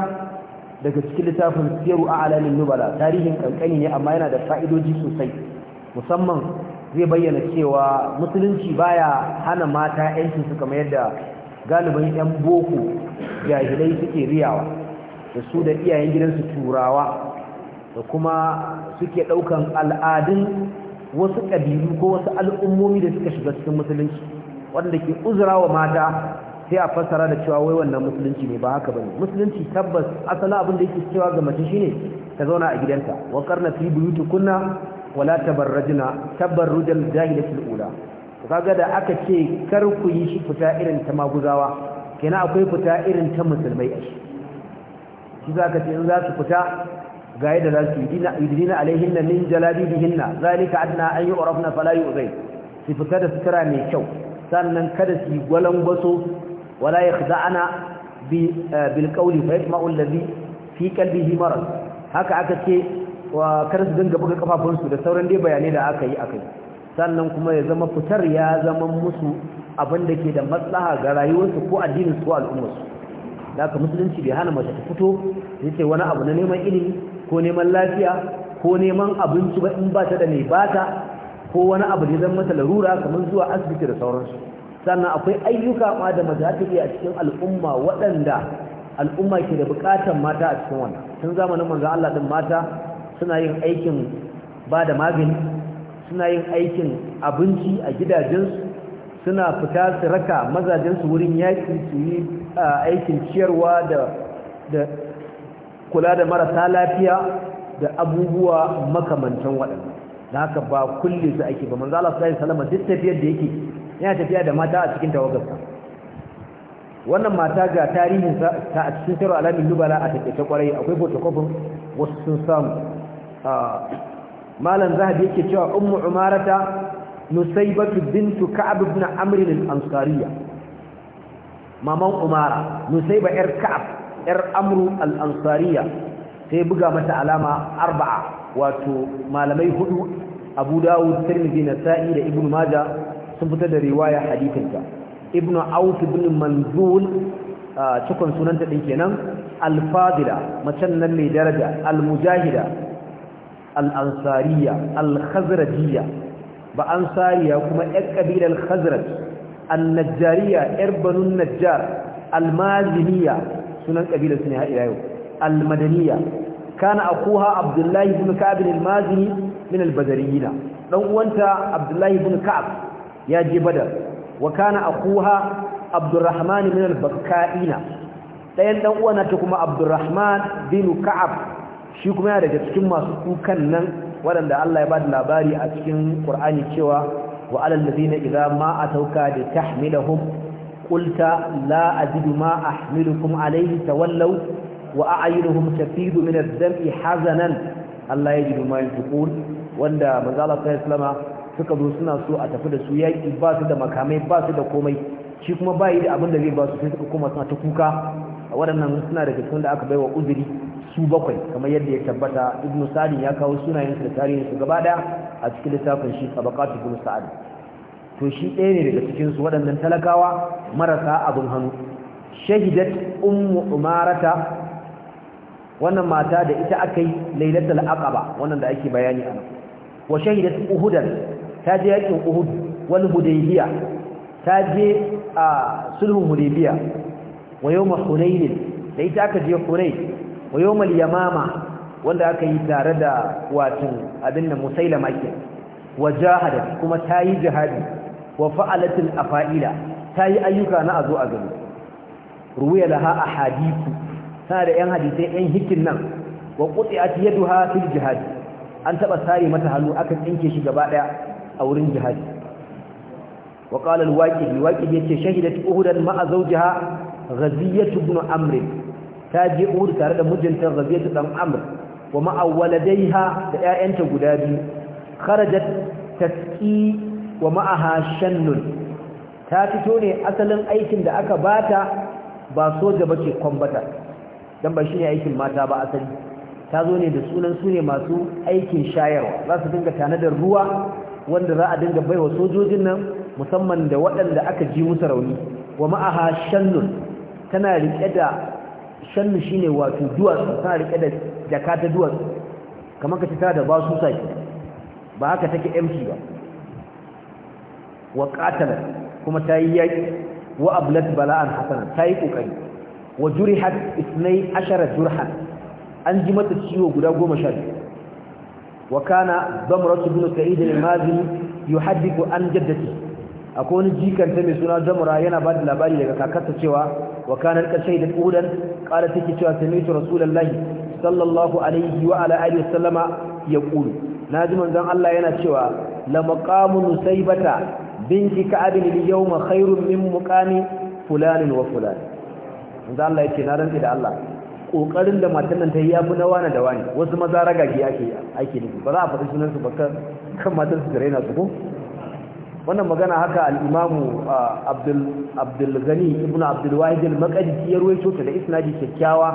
daga cikin littafin siyaru a alamin nubala tarihin kankani ne amma yana da fa'idoji sosai musamman zai bayyana cewa musulunci baya hana mata yancin su kamar yadda galibin yan boko jahilai suke riyawa da su da iyayen gidansu turawa da kuma suke ɗaukan al'adun wasu ƙabilu ko wasu al'ummomi da suka shiga cikin musulunci wanda ke uzura wa mata sai a fassara da cewa wai wannan musulunci ne ba haka bane musulunci tabbas asali abin da yake cewa ga mace shine ta zauna a gidanta wa karna fi buyutukunna wala tabarrajna tabarrujal jahilatul ula kaga da aka ce kar ku yi shi fita irin ta maguzawa kenan akwai fita irin ta musulmai ashi shi zaka ce in za su fita ga yadda za su yi yudina alaihinna min jalabibihinna zalika adna an yu'rafna fala yu'zai su fita da sutura mai kyau sannan kada su yi gwalangwaso ولا يخدعنا بالقول فيسمع الذي fi kalbihi marar haka aka ce wa kar dinga buga kafafunsu da sauran dai bayanai da aka yi akai sannan kuma ya zama fitar ya zama musu abin da ke da maslaha ga rayuwarsu ko addinin su al'ummarsu da aka musulunci bai hana mace ta fito ya ce wani abu na neman ilimi ko neman lafiya ko neman abinci ba in ba ta da mai bata ko wani abu da ya zama mata larura kamar zuwa asibiti da sauransu sannan akwai ayyuka ma da mace a cikin al'umma waɗanda al'umma ke da buƙatar mata a cikin wannan tun zamanin manzo Allah din mata suna yin aikin ba da magani suna yin aikin abinci a gidajensu suna fita su raka mazajensu wurin yaƙi su yi aikin ciyarwa da kula da marasa lafiya da abubuwa makamantan waɗanda da haka ba kulle su ake ba manzo Allah sallallahu alaihi wasallam duk tafiyar da yake yana tafiya da mata a cikin tawagarsa wannan mata ga tarihin ta a cikin alamin lubala a tafiya ta kwarai akwai fotokofin wasu sun samu ah, malam zahabi yake cewa ummu umarata nusaybatu bintu ka'ab ibn amr al-ansariya maman umara nusaiba yar ka'ab yar amru al-ansariya sai buga mata alama arba'a wato malamai hudu abu dawud tirmidhi nasa'i da ibnu maja. sun fitar da riwaya hadithinta ibn auf ibn manzul cikon sunanta din kenan al-fadila macen nan mai daraja al-mujahida al-ansariya al-khazrajiyya ba ansariya kuma yar kabilar khazraj an-najjariya yar banun najjar al-maziniya sunan kabilar su ne yau al-madaniya kana akuha abdullahi ibn ka'b al-mazini min al-badariyina dan uwanta abdullahi ibn ka'b ya je badar wa kana akuha abdurrahman min al-bakkaina dayan dan uwa ta kuma abdurrahman bin ka'ab shi kuma yana daga cikin masu kukan nan waɗanda Allah ya ba da labari a cikin Qur'ani cewa wa alal ladina idza ma atauka li tahmilahum qulta la ajidu ma ahmilukum alayhi tawallaw wa a'yunuhum tafidu min ad-dam'i hazanan Allah yajidu ma yanfiqun wanda manzo Allah sallallahu alaihi suka zo suna so a tafi da su yaƙi ba su da makamai ba su da komai shi kuma ba yi da abin da zai ba su sai suka koma suna ta kuka waɗannan suna da cikin da aka bai wa uzuri su bakwai kamar yadda ya tabbata ibnu sa'ad ya kawo sunayen su da tarihin su gaba daya a cikin littafin shi tabaqat ibnu sa'ad to shi ɗaya ne daga cikin su waɗannan talakawa marasa abun hannu shahidat ummu umarata wannan mata da ita akai lailatul aqaba wannan da ake bayani a nan wa shahidat uhudan ta je yakin uhud wal hudaybiya ta je a sulhun hudaybiya wa yawm hunain da ta aka je wa yawm yamama wanda aka yi tare da watin abin nan musailama ke jahada kuma ta yi jihadi wa fa'alatul afa'ila ta yi ayyuka na azu a gani ruwaya laha ahadithu tana da yan hadisai yan hikin nan wa quti'at yaduha fil jihad an taba sare mata hannu aka tsinke shi gaba daya a wurin jihadi wa qala al-waqidi waqidi yace shahidat uhudan ma'a zawjiha ghaziyah ibn amr ta je uhud tare da mijinta ghaziyah ibn amr wa ma'a waladaiha da 'ya'yanta guda biyu kharajat tasqi wa ma'aha shannun ta fito ne asalin aikin da aka bata ba soja bace kwambata dan ba shine aikin mata ba asali ta zo ne da sunan su ne masu aikin shayarwa za su dinga tanadar ruwa wanda za a dinga baiwa sojojin nan musamman da waɗanda aka ji musu rauni wa ma'aha shannun tana riƙe da shi ne wato duwatsu tana riƙe da jaka ta duwatsu kamar ka ci ta da su saki ba haka take MC ba wa qatalat kuma ta yi yaƙi wa ablat bala'an hasana ta yi ƙoƙari wa jurihat isnai ashara jurhan an ji mata ciwo guda goma sha biyu وكان ضمرة بن سعيد المازي يحدث عن جدته أكون جيكا تمي سنة ضمرة ينا بعد لباري كاكتا شوى وكان لك شهيدا أولا قالت لك شوى سمعت رسول الله صلى الله عليه وعلى آله وسلم يقول ناجم أن الله ينا شوى لمقام نسيبة بنت كعب اليوم خير من مقام فلان وفلان أن الله يتنارن إلى الله kokarin da matan nan ta yi yafi na wani da wani wasu maza ragage ake ake nufi ba za a faɗi sunan su ba kan matan su raina su ko wannan magana haka al-imamu abdul abdul gani ibnu abdul wahid al-maqdisi ya ruwaito ta da isnadi kyakkyawa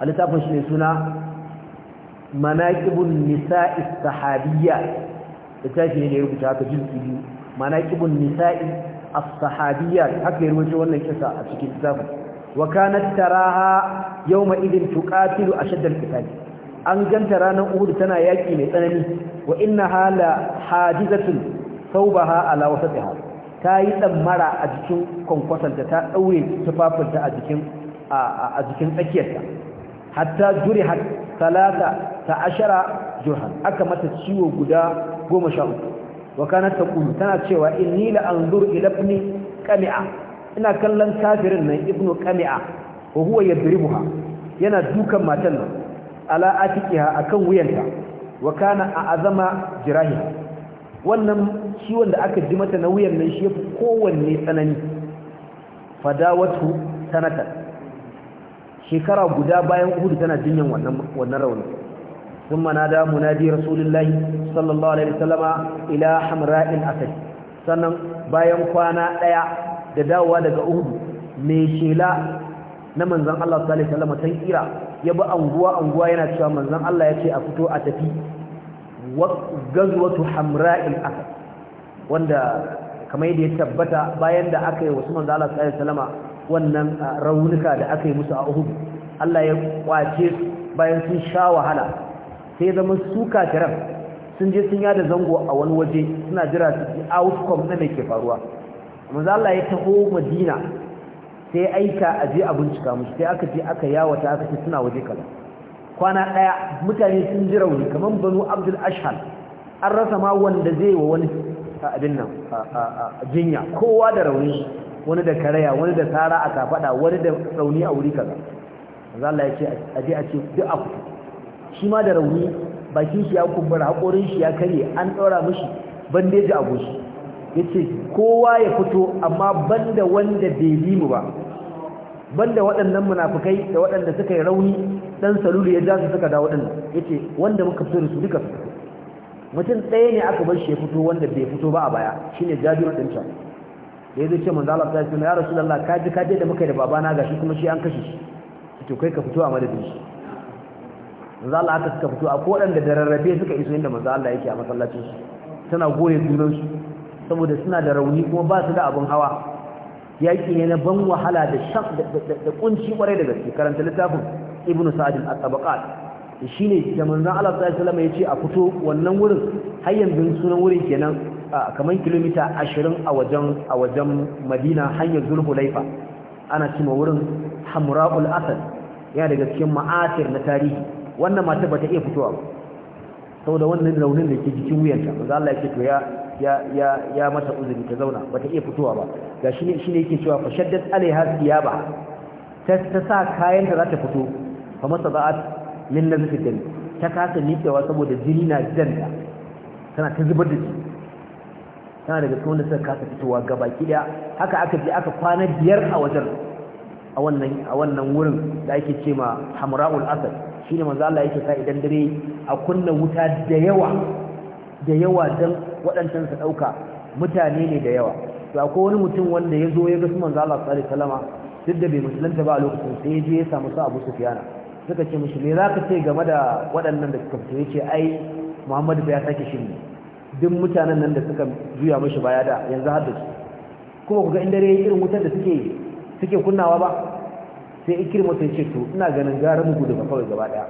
a littafin shi ne suna manaqibun nisa'i sahabiyya littafi ne da ya rubuta haka jinsi biyu manaqibun nisa'i as-sahabiyya haka ya ruwaito wannan kisa a cikin littafin wa kanat taraha yawma idin tuqatilu ashadda al-qital an ganta ranar uhud tana yaki mai tsanani wa inna hala hadizatun thawbaha ala wasatiha ta yi tsammara a jikin kwankwasanta ta daure tufafinta a jikin a jikin tsakiyarta hatta jurihat talata ta ashara jurhan aka mata ciwo guda goma sha uku wa kanat taqulu tana cewa inni la anzuru ila ibni qami'a ina kallon kafirin nan ibnu qami'a wa huwa yadribuha yana dukan matan nan ala atiqiha akan wuyanta wa kana a'azama jirahiha wannan ciwon da aka ji mata na wuyan nan shi kowanne tsanani fadawatu sanatan shekara guda bayan uhudu tana jinyan wannan wannan rauni ثم نادى منادي رسول الله صلى الله عليه وسلم الى sannan bayan kwana daya da dawowa daga Uhud mai shela na manzon Allah sallallahu alaihi wasallam tan kira ya bi anguwa anguwa yana cewa manzon Allah ya ce a fito a tafi gazwatu hamra'il asad wanda kamar yadda ya tabbata bayan da aka yi wasu manzo Allah sallallahu alaihi wannan raunuka da aka yi musu a Uhud Allah ya kwace bayan sun sha wahala sai zama su kafiran sun je sun yada zango a wani waje suna jira su outcome na mai ke faruwa manzo Allah ya taho Madina sai aika aje a bincika musu sai aka je aka yawata aka ce suna waje kala kwana daya mutane sun ji rauni kaman banu Abdul Ashhal an rasa ma wanda zai wa wani abin nan jinya kowa da rauni wani da karaya wani da tsara a kafada wani da rauni a wuri kaza manzo Allah ya ce a je a ce duk a fito shi ma da rauni bakin shi ya kumbura hakorin shi ya karye an daura mishi bandeji a goshi yace kowa ya fito amma banda wanda bai yi mu ba banda waɗannan munafikai da waɗanda suka yi rauni dan salulu ya ja su suka dawo waɗannan yace wanda muka fito da su duka mutum ɗaya ne aka bar shi ya fito wanda bai fito ba a baya shine jabiru din ta da yazo ce manzo Allah sai ya rasulullah ka ji ka je da muka da babana gashi kuma shi an kashe shi to kai ka fito a madadin shi manzo Allah aka suka fito a ko waɗanda da rarrabe suka iso inda manzo Allah yake a masallacin su tana goye junan su saboda suna da rauni kuma ba su da abin hawa yaƙi ne na ban wahala da shak da kunci kwarai da gaske karanta littafin ibnu sa'ad al-tabaqat ne da manzon Allah sallallahu alaihi ce a fito wannan wurin har yanzu sunan wurin kenan kamar kilomita 20 a wajen a wajen Madina hanyar Zulhulaifa ana cima wurin Hamra'ul Asad yana daga cikin ma'atir na tarihi wannan mata bata iya fitowa ba saboda wannan raunin da ke jikin wuyanta manzon Allah ce to ya ya mata uzuri ta zauna bata iya fitowa ba ga shi ne ne yake cewa fashaddat alaiha thiyaba ta ta sa kayan da za ta fito fa masaba'at min nazfi dami ta kasa nikewa saboda jini na ta tana ta zubar da jini tana daga cikin wanda suka kasa fitowa gaba daya haka aka je aka kwana biyar a wajen a wannan a wannan wurin da ake ce ma hamra'ul asad shine manzo Allah yake sa idan dare a kunna wuta da yawa da yawa dan waɗancan su ɗauka mutane ne da yawa to akwai wani mutum wanda ya zo ya ga su manzo Allah sallallahu alaihi wasallam duk da bai musulunta ba a lokacin sai ya je ya samu su Abu Sufyan suka ce mishi me zaka ce game da waɗannan da suka fito yace ai Muhammadu bai ya sake shi duk mutanen nan da suka juya mishi baya da yanzu har da su kuma kuga in dare irin wutar da suke suke kunnawa ba sai ikirma sai ce to ina ganin gara mu gudu ba kawai gaba daya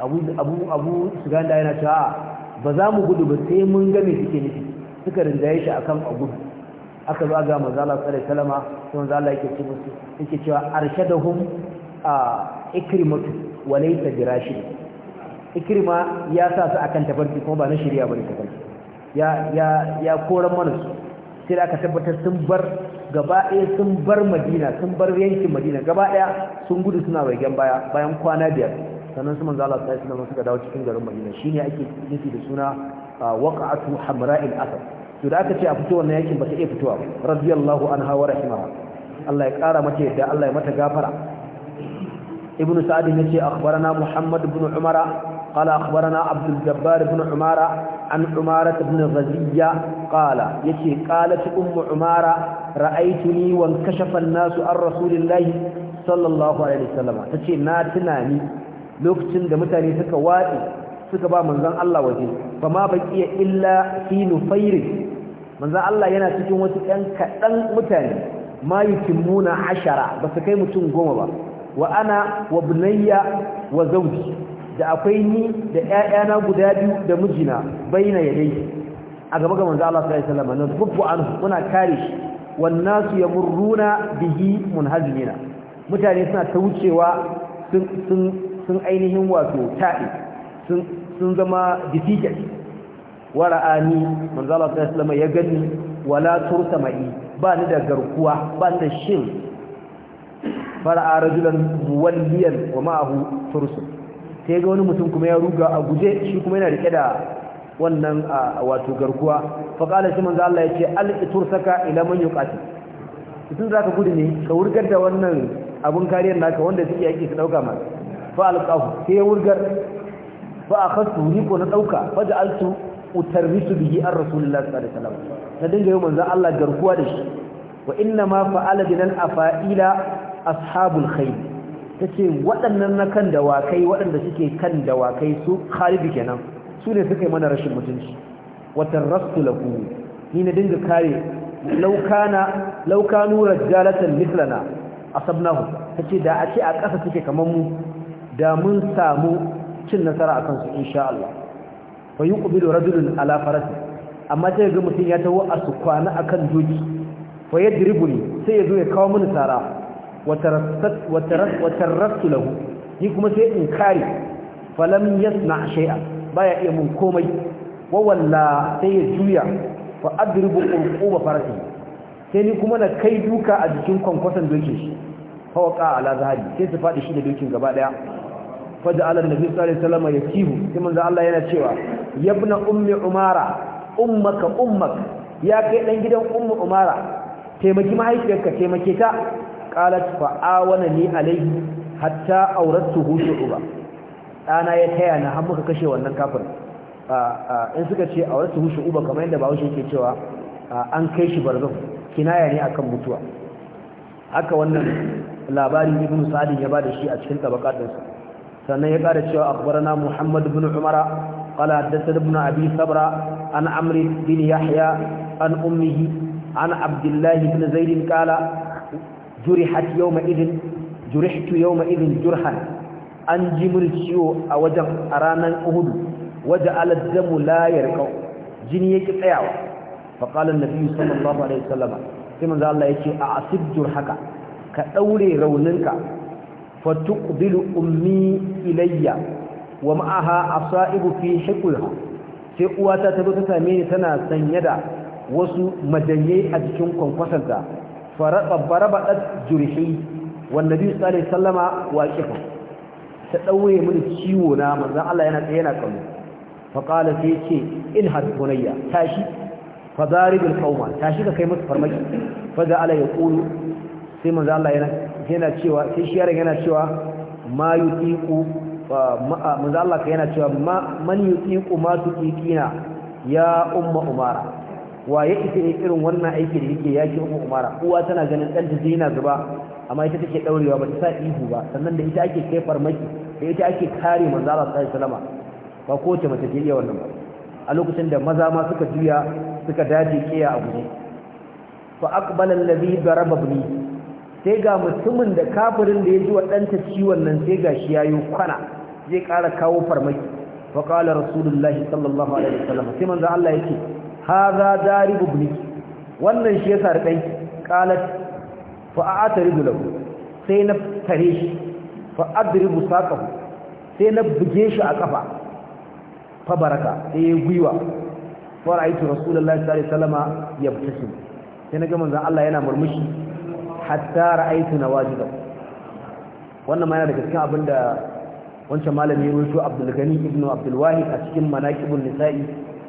abu abu abu yana cewa ba za mu gudu ba sai mun game suke nufi suka rinjaye shi akan abu aka zo ga manzo Allah sallallahu alaihi wasallam sai manzo Allah yake ce musu yake cewa arshadahum a ikrimatu wa laysa birashid ikrima ya sa su akan tafarki kuma ba na shari'a bane tafarki ya ya ya koran mana su sai aka tabbatar sun bar gaba ɗaya sun bar Madina sun bar yankin Madina gaba ɗaya sun gudu suna wagen baya bayan kwana biyar sannan su manzo ta sallallahu alaihi suka dawo cikin garin Madina shine ake nufi da suna waqa'atu hamra'il asad su da aka ce a fito wannan yakin ba ta iya fitowa ba radiyallahu anha wa rahimaha Allah ya kara mata yadda Allah ya mata gafara ibn sa'd yace akhbarana muhammad ibn umara قال أخبرنا عبد الجبار بن عمارة عن عمارة بن غزية قال يتي قالت أم عمارة رأيتني وانكشف الناس عن رسول الله صلى الله عليه وسلم تتي ناتناني lokacin da mutane suka watsi suka ba manzon Allah waje ba ma baqiya illa fi nufairin Manzan Allah yana cikin wasu ɗan kaɗan mutane ma timuna ashara ba su kai mutum goma ba wa ana wa bunayya wa zawji da akwai ni da ƴaƴana guda biyu da mijina baina yadai a gaba ga manzan Allah sallallahu alaihi wasallam na zubbu an muna kare shi wan nasu yamurruna bihi munhazimina mutane suna ta wucewa sun sun sun ainihin wato taɗi sun zama defeated wara'ani manzala ta islama ya gani wala turta mai ba ni da garkuwa ba ni da shin fara'a rajulan muwalliyan wa ma'ahu sai ga wani mutum kuma ya ruga a guje shi kuma yana rike da wannan wato garkuwa faƙala shi manzo Allah ya ce al-itur saka ila man yuqati mutum zaka gudu ne ka wurgar da wannan abun kariyar naka wanda suke yaki su dauka masu. fa alqahu sai ya wurgar fa akhadtu ko na dauka fa ja'altu utarrisu bihi ar rasulullahi sallallahu alaihi wasallam na dinga yi manzo Allah garkuwa da shi wa inna ma fa'ala a afa'ila ashabul khayr tace waɗannan na kan dawakai waɗanda suke kan dawakai su khalibi kenan su ne suka yi mana rashin mutunci wa tarrastu lahu ni na dinga kare law kana law rajalatan mithlana asabnahu tace da a ce a ƙasa suke kaman mu da mun samu cin nasara akan su insha Allah fa yuqbilu rajulun ala farasi amma sai ga mutum ya tawo a su kwana akan doki fa yadribuni sai ya zo ya kawo mun sara wa tarassat wa lahu ni kuma sai in kare falam yasna shay'a baya iya mun komai wa walla sai ya juya fa adribu qurquba farasi sai ni kuma na kai duka a jikin kwankwason dokin shi fawqa ala zahari sai su faɗi shi da dokin gaba ɗaya. فجعل ala nabi sallallahu alaihi wasallam يكيب كما Allah yana cewa ya ibn ummi umara ummaka ummak ya kai dan gidan ummu umara taimaki ka taimake ta qalat fa awana ni alayhi hatta awrattuhu uba. dana ya taya na har muka kashe wannan kafir in suka ce awrattuhu uba kamar yadda bawo yake cewa an kai shi barzan kinaya ne akan mutuwa haka wannan labari ibn sa'id ya bada shi a cikin tabaqatinsa sannan ya ƙara cewa akbarana muhammad bin umara qala haddathana ibn abi sabra an amri bin yahya an ummihi an abdullahi ibn zaid qala jurihat yawma idin jurihtu yawma idin jurhan an jimir ciwo a wajen a ranar uhud waje aladamu la yarqa jini yake tsayawa fa na biyu nabi sallallahu alaihi wasallam sai manzo Allah ce a asib jurhaka ka daure rauninka fatuqbilu ummi ilayya wa ma'aha asaibu fi hiqliha sai uwata ta zo ta same ni tana sanye da wasu majayyai a jikin kwankwasanta farabadat jurhi wan nabi sallallahu alaihi wasallama waqifa ta daure mini ciwo na manzon Allah yana tsaye yana kallo fa qala sai ce in had bunayya tashi fa darib al qauma tashi ka kai musu farmaki fa da ala yaqulu sai manzon Allah yana yana cewa sai shi yana cewa ma yutiqu manzo Allah ka yana cewa man ma ya umma umara wa ya ne irin wannan aiki da yake ya umma umara uwa tana ganin dan ta yana zuba amma ita take daurewa ba ta sa ihu ba sannan da ita ake kai farmaki da ita ake kare manzo Allah sallallahu alaihi ba ko ta mace iya wannan ba a lokacin da maza ma suka juya suka dace kiya a guje fa aqbala alladhi daraba sai ga mutumin da kafirin da ya ji wa ɗanta ciwon nan sai ga shi yayo kwana zai ƙara kawo farmaki wa ƙala rasulullahi sallallahu alaihi wasallam sai manzo Allah yake haza daribu ibni wannan shi yasa rikai qalat fa a'taridu lahu sai na tare shi fa adribu saqahu sai na buge shi a kafa fa baraka sai ya gwiwa fa ra'aytu rasulullahi sallallahu alaihi wasallam yabtasim sai na ga manzo Allah yana murmushi hatta ra'aytu nawajidahu wannan ma yana daga cikin abinda wancan malami ya rubuto Abdul Ghani ibn Abdul Wahid a cikin Manaqibun Nisa'i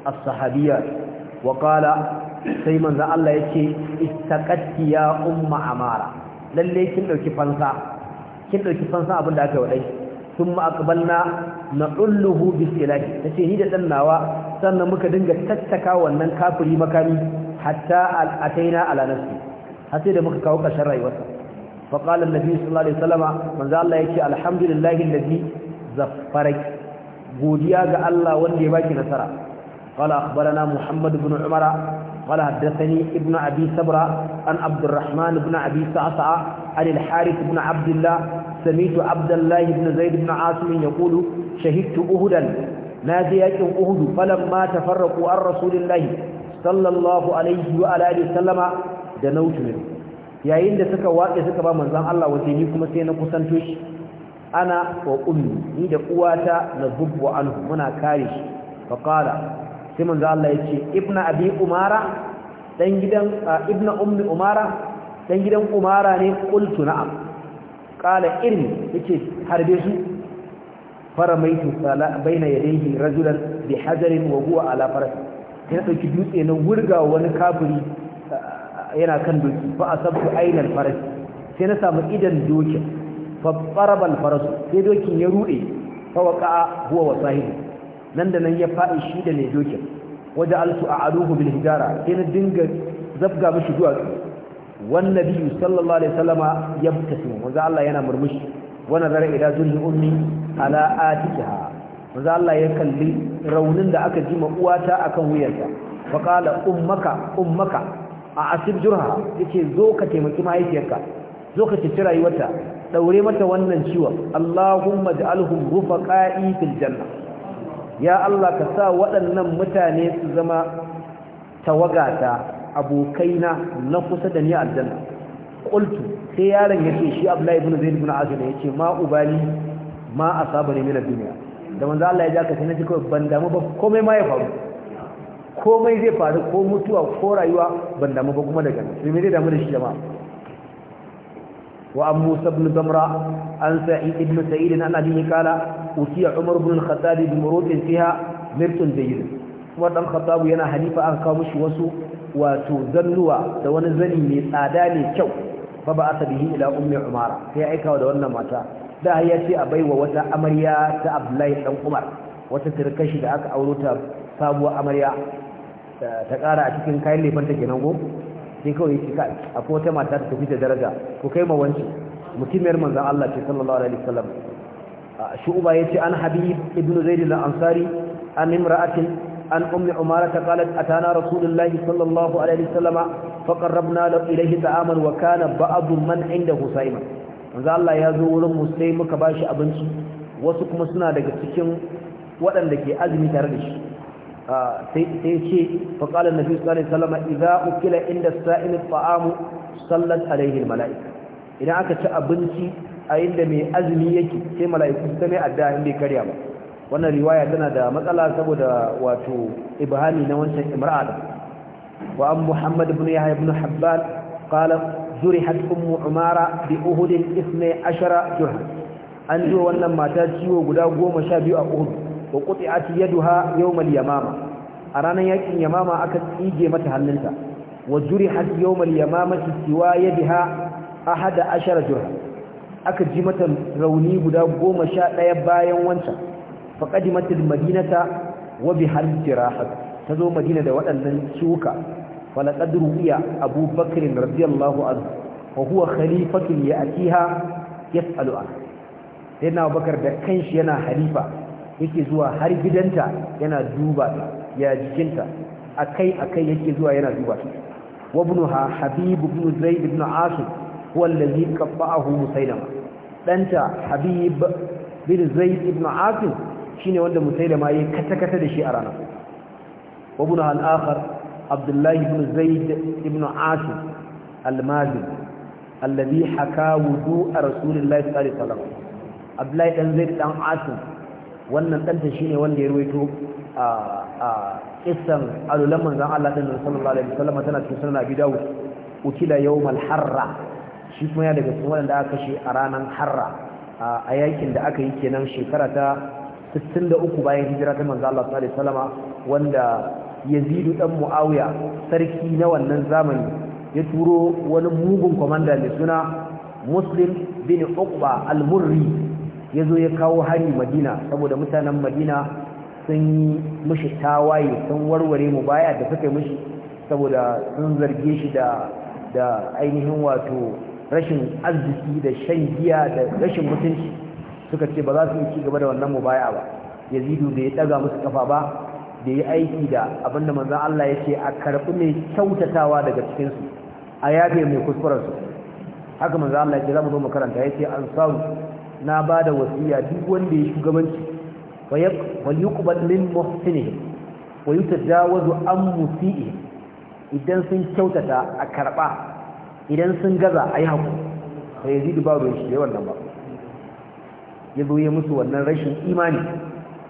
as-Sahabiyya wa qala sai manzo Allah yace istaqatti ya umma amara lalle kin dauki fansa kin dauki fansa abinda aka wadai thumma aqbalna na'ulluhu bisilahi tace ni da dan nawa sannan muka dinga tattaka wannan kafiri makami hatta al-ataina ala nafsi har da muka kawo ƙarshen rayuwarsa fa qala annabi sallallahu alaihi wasallama manzo Allah yake alhamdulillahi allazi zaffaraki godiya ga Allah wanda ya baki nasara qala akhbarana muhammad ibn umara قال حدثني ابن أبي سبرة عن عبد الرحمن بن أبي سعسع عن الحارث بن عبد الله سميت عبد الله بن زيد بن عاصم يقول شهدت أهدا ناديات أهد فلما تفرقوا عن الله صلى الله عليه وسلم da nautu yayin da suka waƙe suka ba manzon Allah wace ni kuma sai na kusanto shi ana wa ummi ni da uwata na zubbu anhu muna kare shi fa qala sai manzon Allah yace ibnu abi umara dan gidan ibnu ummi umara dan gidan umara ne qultu na'am qala irmi yace harbe su faramaitu sala baina yadayhi rajulan bihajarin wa huwa ala faras sai dutse na wurga wani kafiri yana kan doki fa asabtu ainal faras sai na samu idan doki fa barabal faras sai dokin ya rude fa waqa huwa wasahibi nan da nan ya faɗi shi da ne dokin waje alsu a aluhu bil hijara sai na dinga zabga mishi duwa wan nabi sallallahu alaihi wasallama yabtasim manzo Allah yana murmushi wana zara ida zulhi ummi ala atiha manzo Allah ya kalli raunin da aka ji ma uwata akan wuyarta fa qala ummaka ummaka a asib jurha yake zo ka taimaki mahaifiyarka zo ka ceci rayuwarta daure mata wannan ciwon Allahumma ja'alhum rufaqa'i fil janna ya Allah ka sa waɗannan mutane su zama tawagata abokaina na kusa da ni aljanna qultu sai yaron yake shi Abdullahi ibn Zaid ibn ya yace ma ubali ma asabani min ad-dunya da manzo Allah ya ja sai na ban damu ba komai ma ya faru komai zai faru ko mutuwa ko rayuwa ban damu ba kuma daga musulmi zai damu da shi jama'a wa an musa zamra an sa'id ibn sa'id an kala usiya umar ibn al-khattab bi murutin fiha mirtun jayyid kuma dan khattab yana halifa an kawo mishi wasu wato zannuwa da wani zani mai tsada ne kyau fa ba asa bihi ila ummi umara sai aika da wannan mata da ya ce a baiwa wata amarya ta abdullahi dan umar wata tirkashi da aka auro ta sabuwa amarya ta ƙara a cikin kayan lefanta nan go sai kawai ka kai akwai wata mata ta tafi da daraja ko kai ma wanci mutumiyar manzan Allah ce sallallahu alaihi wasallam shu'ba yace an habib ibnu zaid al-ansari an imra'atin an ummi umara ta qalat atana rasulullahi sallallahu alaihi wasallama faqarrabna ilayhi ta'aman wa kana ba'dhu man inda husayma manzan Allah ya zo wurin Musaimu ka bashi abinci wasu kuma suna daga cikin waɗanda ke azumi tare da shi sai ce faƙala na biyu salama idan ukila inda sa'in fa'amu sallat alaihi mala'ika idan aka ci abinci a inda mai azumi yake sai mala'iku ta mai adda inda ya karya ba wannan riwaya tana da matsala saboda wato Ibrahim na wancan imra'a da wa an muhammad ibn yahya ibn habban qala zurihat ummu umara bi uhud 12 an ji wannan mata ciwo guda 12 a uhud wa quti'at yaduha yawm al-yamama a ranar yakin yamama aka tsige mata hannunta wa jurihat yawm al-yamama siwa yadiha ahada ashara jurha aka ji mata rauni guda 11 bayan wancan faqadimat al-madinata wa bihal jirahat tazo madina da waɗannan ciwuka falaqad ruwiya abubakar radiyallahu anhu wa huwa khalifatun ya'tiha yas'alu an sayyidina abubakar da kanshi yana halifa yake zuwa har gidanta yana duba ta ya jikinta akai akai yake zuwa yana duba ta wabnuha habib ibn zaid ibn asim huwa allazi qabba'ahu musailama danta habib bin zaid ibn asim shine wanda musailama yayi katakata da shi a ranar wabnuha al-akhar abdullah ibn zaid ibn asim al-mazin allazi haka wudu rasulillah sallallahu alaihi wasallam abdullah dan zaid dan asim wannan ɗanta ne wanda ya ruwaito a ƙisan alulan manzan Allah ɗin da sallallahu alaihi wasallam tana cikin sunan Abi Dawud ukila yawmal harra shi kuma ya daga cikin wanda aka kashe a ranar harra a yakin da aka yi kenan shekara ta 63 bayan hijira ta manzan Allah sallallahu alaihi wasallam wanda Yazidu ɗan Muawiya sarki na wannan zamani ya turo wani mugun komanda mai suna Muslim bin Uqba al-Murri ya zo ya kawo hari madina saboda mutanen madina sun yi mushi tawaye sun warware mu baya da suka yi mushi saboda sun zarge shi da da ainihin wato rashin arziki da shan giya da rashin mutunci suka ce ba za su yi ci gaba da wannan mu baya ba yazidu da ya daga musu kafa ba da ya aiki da abin da manzan Allah ya ce a karɓi mai kyautatawa daga cikinsu a yafe mai kuskurarsu haka manzan Allah ya ce za mu zo makaranta ya ce an samu na ba da wasiya duk wanda ya shugabanci wal yuqbal min muhsinihi wa yutajawazu an musiihi idan sun kyautata a karba idan sun gaza ayi haku fa ba babu shi wannan ba yazo ya musu wannan rashin imani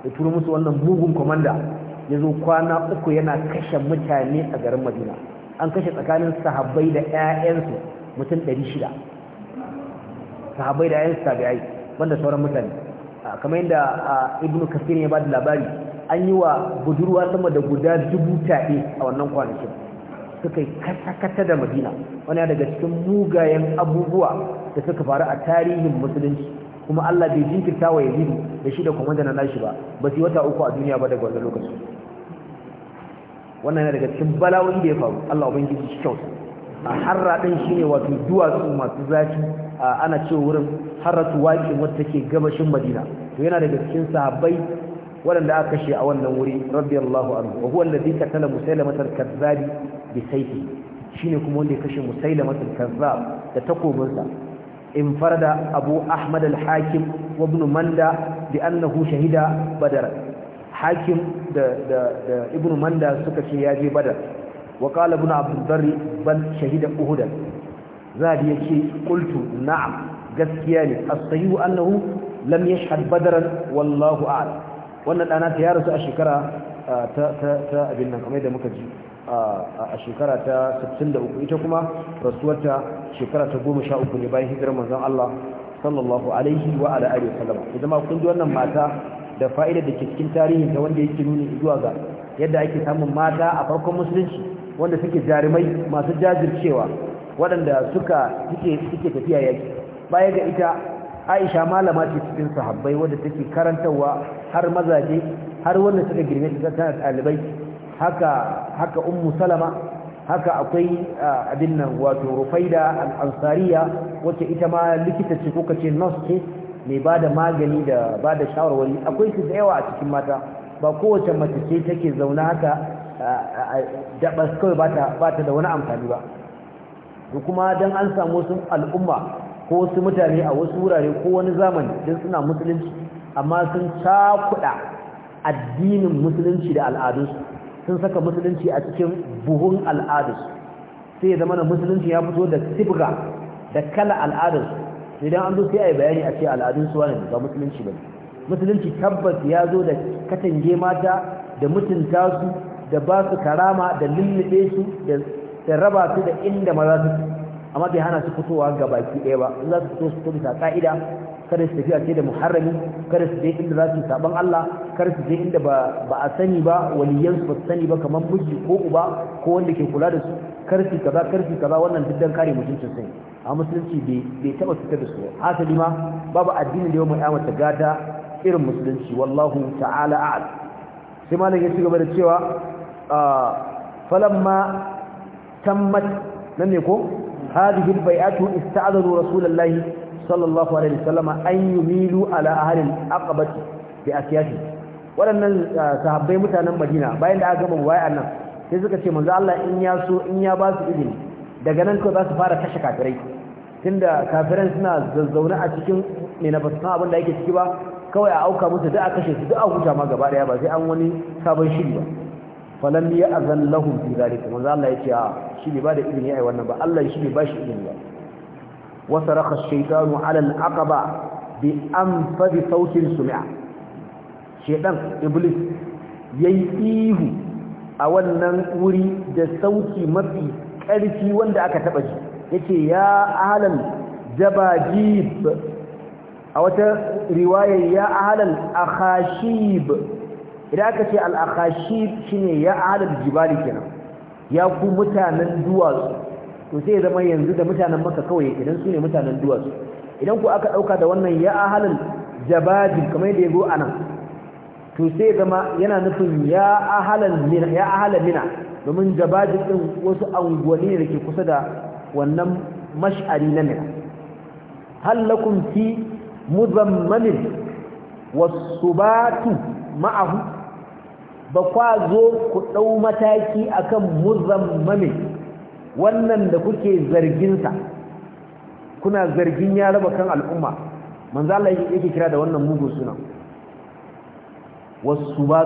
ya turo musu wannan mugun komanda yazo kwana uku yana kashe mutane a garin Madina an kashe tsakanin sahabbai da ƴaƴansu mutum 600 sahabbai da ƴaƴansu tabi'ai banda sauran mutane kamar yadda ibnu kafir ya ba da labari an yi wa budurwa sama da guda dubu taɗe a wannan kwanakin suka yi kata-kata da madina wani daga cikin mugayen abubuwa da suka faru a tarihin musulunci kuma allah bai jinkirta wa yazidu da shi da kwamanda na nashi ba ba su wata uku a duniya ba daga wannan lokaci wannan yana daga cikin bala'o'i da ya faru allah ubangiji shi kyauta a harra ɗin shine wato duwatsu masu zafi ana ce wurin harratu waƙin wadda ke gabashin madina to yana daga cikin sahabbai waɗanda aka kashe a wannan wuri radiyallahu anhu wa huwa alladhi qatala musailamatal kazzab bi sayfi shine kuma wanda ya kashe musailamatal kazzab da takobinsa in farada abu ahmad al-hakim wa ibn manda bi annahu shahida badar hakim da da ibn manda suka ce ya je badar wa qala ibn abd al-barri bal shahida uhudan zabi yace qultu na'am gaskiya ne as-sahih annahu lam yashhad badran wallahu a'lam wannan dana ta yarasu a shekara ta ta abin nan kamar da muka ji a shekara ta 63 ita kuma rasuwarta shekara ta 13 ne bayan hijirar manzon Allah sallallahu alaihi wa ala alihi wasallam idan ma kun ji wannan mata da fa'ida da cikin tarihin ta wanda yake nuni zuwa ga yadda ake samun mata a farkon musulunci wanda suke jarumai masu jajircewa waɗanda suka suke tafiya yaki baya ga ita Aisha malama ce cikin sahabbai wadda take karantarwa har mazaje har wanda suka girme ta tana ɗalibai haka haka ummu salama haka akwai abin nan wato rufaida al-ansariya wacce ita ma likita ce ko kace nurse ce mai bada magani da ba da shawarwari akwai su da yawa a cikin mata ba kowace mace ce take zaune haka dabas kawai ba ta da wani amfani ba to kuma don an samu sun al'umma ko wasu mutane a wasu wurare ko wani zamani don suna musulunci amma sun cakuɗa addinin musulunci da al'adunsu sun saka musulunci a cikin buhun al'adunsu sai ya zama musulunci ya fito da sibga da kala al'adunsu, idan an zo sai a yi bayani a ce al'adunsu wani ba musulunci ba musulunci tabbas ya zo da katange mata da mutunta su da ba su karama da lullube su da raba su da inda maza su amma bai hana su fitowa ga baki ɗaya ba za su fito su fito bisa ka'ida kada su tafiya ce da muharrami kada su je inda za su saban Allah kada su je inda ba a sani ba waliyan su ba sani ba kamar miji ko uba ko wanda ke kula da su karfi kaza karfi kaza wannan duk dan kare mutuncin sai a musulunci bai taba fita da su hasali ma babu addini da yau mai amata gata irin musulunci wallahu ta'ala a'lam sai malam ya ci gaba da cewa falamma tammat nan ne ko hadhihi albay'atu ista'adhu rasulullahi sallallahu alaihi wasallam an yumilu ala ahli alaqabati bi asiyati wadannan sahabbai mutanen Madina bayan da aka gama bayan nan sai suka ce manzo Allah in ya so in ya ba su izini daga nan ko za su fara kashe kafirai tunda kafiran suna zazzauna a cikin me na basu abin da yake ciki ba kawai a auka musu da a kashe su da a huta ma gaba daya ba sai an wani sabon shiri ba falam ya azan lahum fi zalika manzo Allah ce ah, a shi ne ba da izini ai wannan ba Allah shi ne ba shi izini ba wa saraka ash-shaytanu aqaba bi anfadhi sautin sum'a Shaiɗan iblis yayi ihu a wannan wuri da sauti mafi ƙarfi wanda aka taɓa ji yace ya ahlan jabajib a wata riwaya ya ahlan akhashib idan aka ce al'akashi shine ya alal jibali kenan ya ku mutanen duwatsu to sai zama yanzu da mutanen maka kawai idan su ne mutanen duwatsu idan ku aka dauka da wannan ya ahalin jabajin kamar da ya zo a nan to sai zama yana nufin ya ahalin mina ya mina domin jabajin ɗin wasu anguwanni da ke kusa da wannan mash'ari na mina hal lakum fi mudammamin wasubatu ma'ahu ba kwa zo ku ɗau mataki akan muzammame wannan da kuke zarginsa kuna zargin ya raba kan al'umma manzo Allah yake kira da wannan mugun suna wasu ba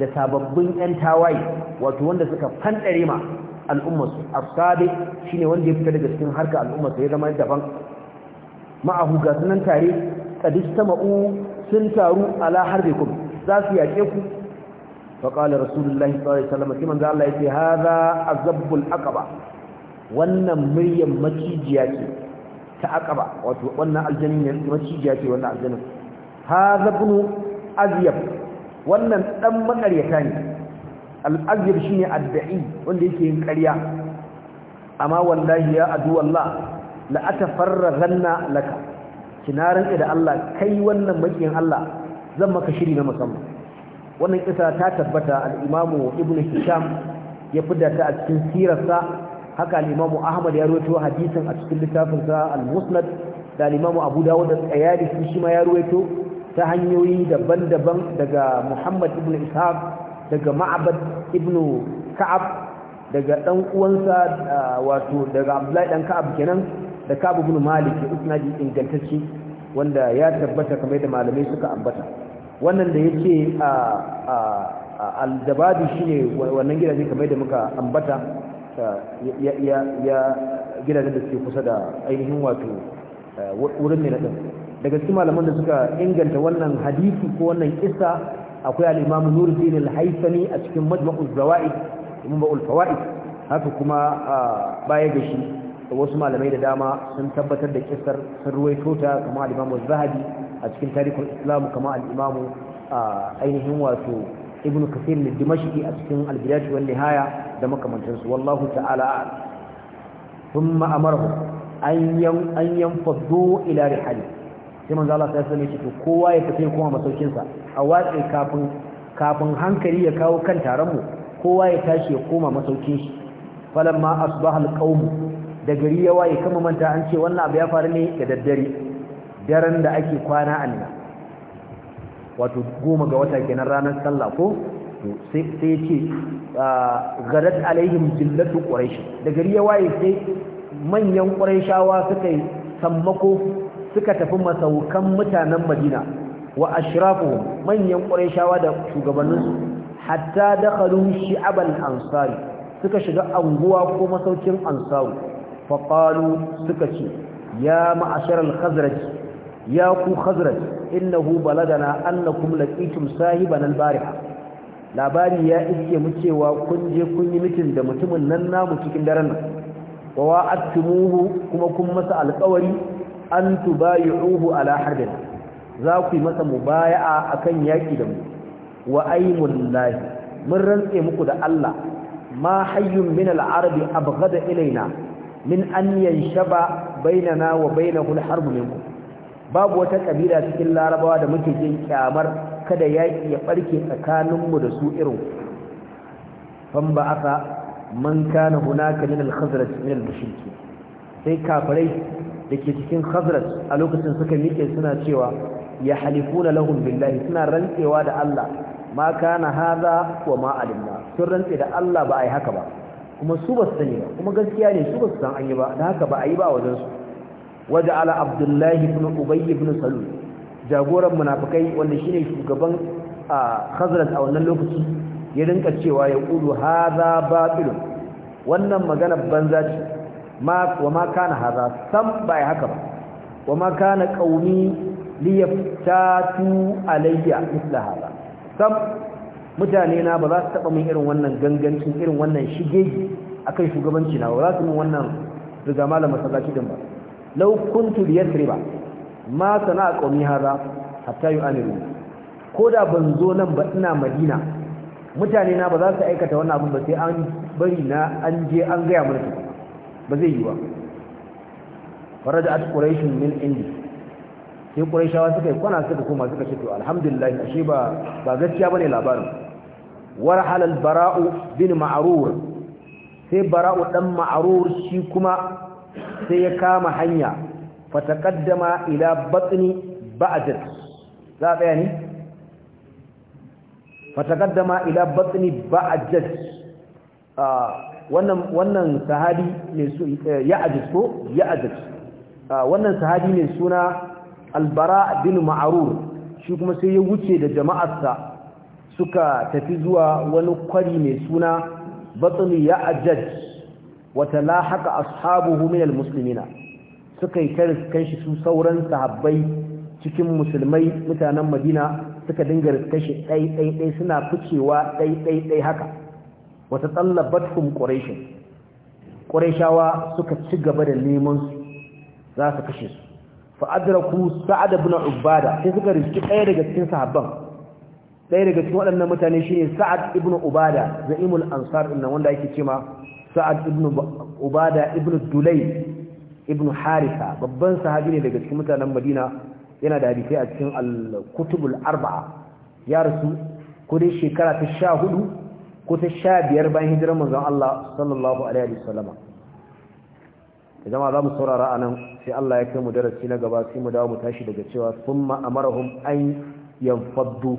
da sababbin yan tawaye wato wanda suka fandare ma al'ummar su afsabe shine wanda ya fita daga cikin harka al'ummar sa ya zama daban ma'ahu ga sunan tare kadistama'u sun taru ala harbikum za su yake ku faƙalar rasulullahi sallallahu alaihi wasallam sai manzo Allah yake hadha azabbul wannan muryar macijiya ce ta aqaba wannan aljanna macijiya ce wannan aljanna hadha ibn azyab wannan dan makaryata ne al-azyab shine adda'i wanda yake yin ƙarya amma wallahi ya adu wallah la atafarrazanna laka kinarin da Allah kai wannan makiyin Allah zan maka shiri na musamman wannan kisa ta tabbata al-imamu ibnu hisham ya fidda ta a cikin sirarsa haka al-imamu ahmad ya rawaito hadisin a cikin littafin sa al-musnad da al-imamu abu dawud da tsayalisi shi ma ya rawaito ta hanyoyi daban-daban daga muhammad Ibn ishaq daga Ma'bad Ibn ka'ab daga dan uwansa wato daga abdullahi dan ka'ab kenan da ka'ab ibn malik da isnadi ingantacce wanda ya tabbata kamar da malamai suka ambata wannan da yake a shi shine wannan gidaje kamar da muka ambata ya gidajen da suke kusa da ainihin wato wurin mai nadin daga cikin malaman da suka inganta wannan hadisi ko wannan kissa akwai al-Imam Nuruddin al-Haythami a cikin Majma'uz Zawaid Majma'ul Fawaid haka kuma baya ga wasu malamai da dama sun tabbatar da kisar sun ruwaito ta kama al-imamu zahabi a cikin tarihin islam kama al-imamu ainihin wato ibn kasir ne dimashiki a cikin al-bidayah wal da makamantansu wallahu ta'ala thumma amarahu an yan an yanfadu ila sai manzo Allah sai sai ce to kowa ya tafi kuma masaukin sa a watsi kafin kafin hankali ya kawo kan taron mu kowa ya tashi ya koma masaukin shi falamma asbaha al da gari ya waye kama manta an ce wannan abu ya faru ne da daddare daren da ake kwana a nan wato goma ga wata kenan ranar sallah ko sai ya ce ah, garat alaihim jillatu quraish da gari ya waye sai manyan quraishawa suka yi sammako suka tafi masaukan mutanen madina wa ashrafu manyan quraishawa da shugabanninsu hatta dakhalu shi'abal ansari suka shiga anguwa ko masaukin ansaru faƙalu suka ce ya ma'ashar al-khazraj ya ku khazraj innahu na annakum laqitum sahiban al-bariha labari ya iske mu cewa kun je kun yi mitin da mutumin nan namu cikin daren nan wa wa'atumuhu kuma kun masa alƙawari an tubayi'uhu ala harbin za ku yi masa mubaya'a akan yaki da mu wa aymul lahi mun rantse muku da Allah ma hayyun min al-arabi abghada ilaina min an yanshaba bainana wa bainahul mu minkum babu wata kabila cikin larabawa da muke jin kyamar kada yaki ya barke tsakaninmu da su irin fan ba aka man kana hunaka min al-khazraj min al-mushriki sai kafirai dake cikin khazraj a lokacin suka miƙe suna cewa ya halifuna lahum billahi suna rantsewa da Allah ma kana hadha wa ma alimna sun rantse da Allah ba ai haka ba kuma su ba sani ba kuma gaskiya ne su ba su san an yi ba da haka ba a yi ba a wajensu waje ala abdullahi ibn ubayy ibn salul jagoran munafikai wanda shine shugaban khazraj a wannan lokaci ya rinka cewa ya kudu hadha batil wannan magana banza ce ma wa ma kana hadha sam bai haka ba wa ma kana qaumi liyaftatu alayya mithla hadha sam mutane na ba za su taba min irin wannan gangancin irin wannan shige akan shugabanci na ba za su min wannan riga malam masallaci din ba law kuntu li yasriba ma sana'a qawmi hadha hatta ko da ban zo nan ba ina madina mutane na ba za su aikata wannan abin ba sai an bari na an je an gaya mana ba zai yi ba faraja'at quraish min indi sai ƙuraishawa suka yi kwana suka koma suka ce to alhamdulillah ashe ba ba gaskiya bane labarin warhal al-bara'u bin ma'rur sai bara'u dan ma'rur shi kuma sai ya kama hanya fataqaddama ila batni ba'dat za tsaya ne fataqaddama ila batni ba'dat ah, wannan wannan sahabi ne su eh, ya'dis ko ya'dis ah, wannan sahabi ne suna albara bara bin ma'rur shi kuma sai ya wuce da jama'arsa suka tafi zuwa wani kwari mai suna ya ajaj wata lahaka ashabu huminal musulmina, suka yi tarifkan kanshi su sauran sahabbai cikin musulmai mutanen madina suka dinga kashi shi ɗai suna ficewa ɗai haka wata tsallabat hum ƙorashin ƙorashawa suka ci gaba da neman su za su kashe su ku sa'ad na ubada sai suka riski ɗaya daga cikin sahabban ɗaya daga cikin waɗannan mutane ne Sa'ad ibn Ubada za'imul Ansar din wanda yake cewa Sa'ad ibn Ubada ibn dulai ibn harisa babban sahabi ne daga cikin mutanen Madina yana da hadisai a cikin al-Kutubul Arba'a ya rasu ko dai shekara ta sha hudu ko ta sha biyar bayan hijirar manzan Allah sallallahu alaihi wasallam jama'a za mu saurara anan sai Allah ya kai mu darasi na gaba sai mu dawo mu tashi daga cewa summa amarahum an yanfaddu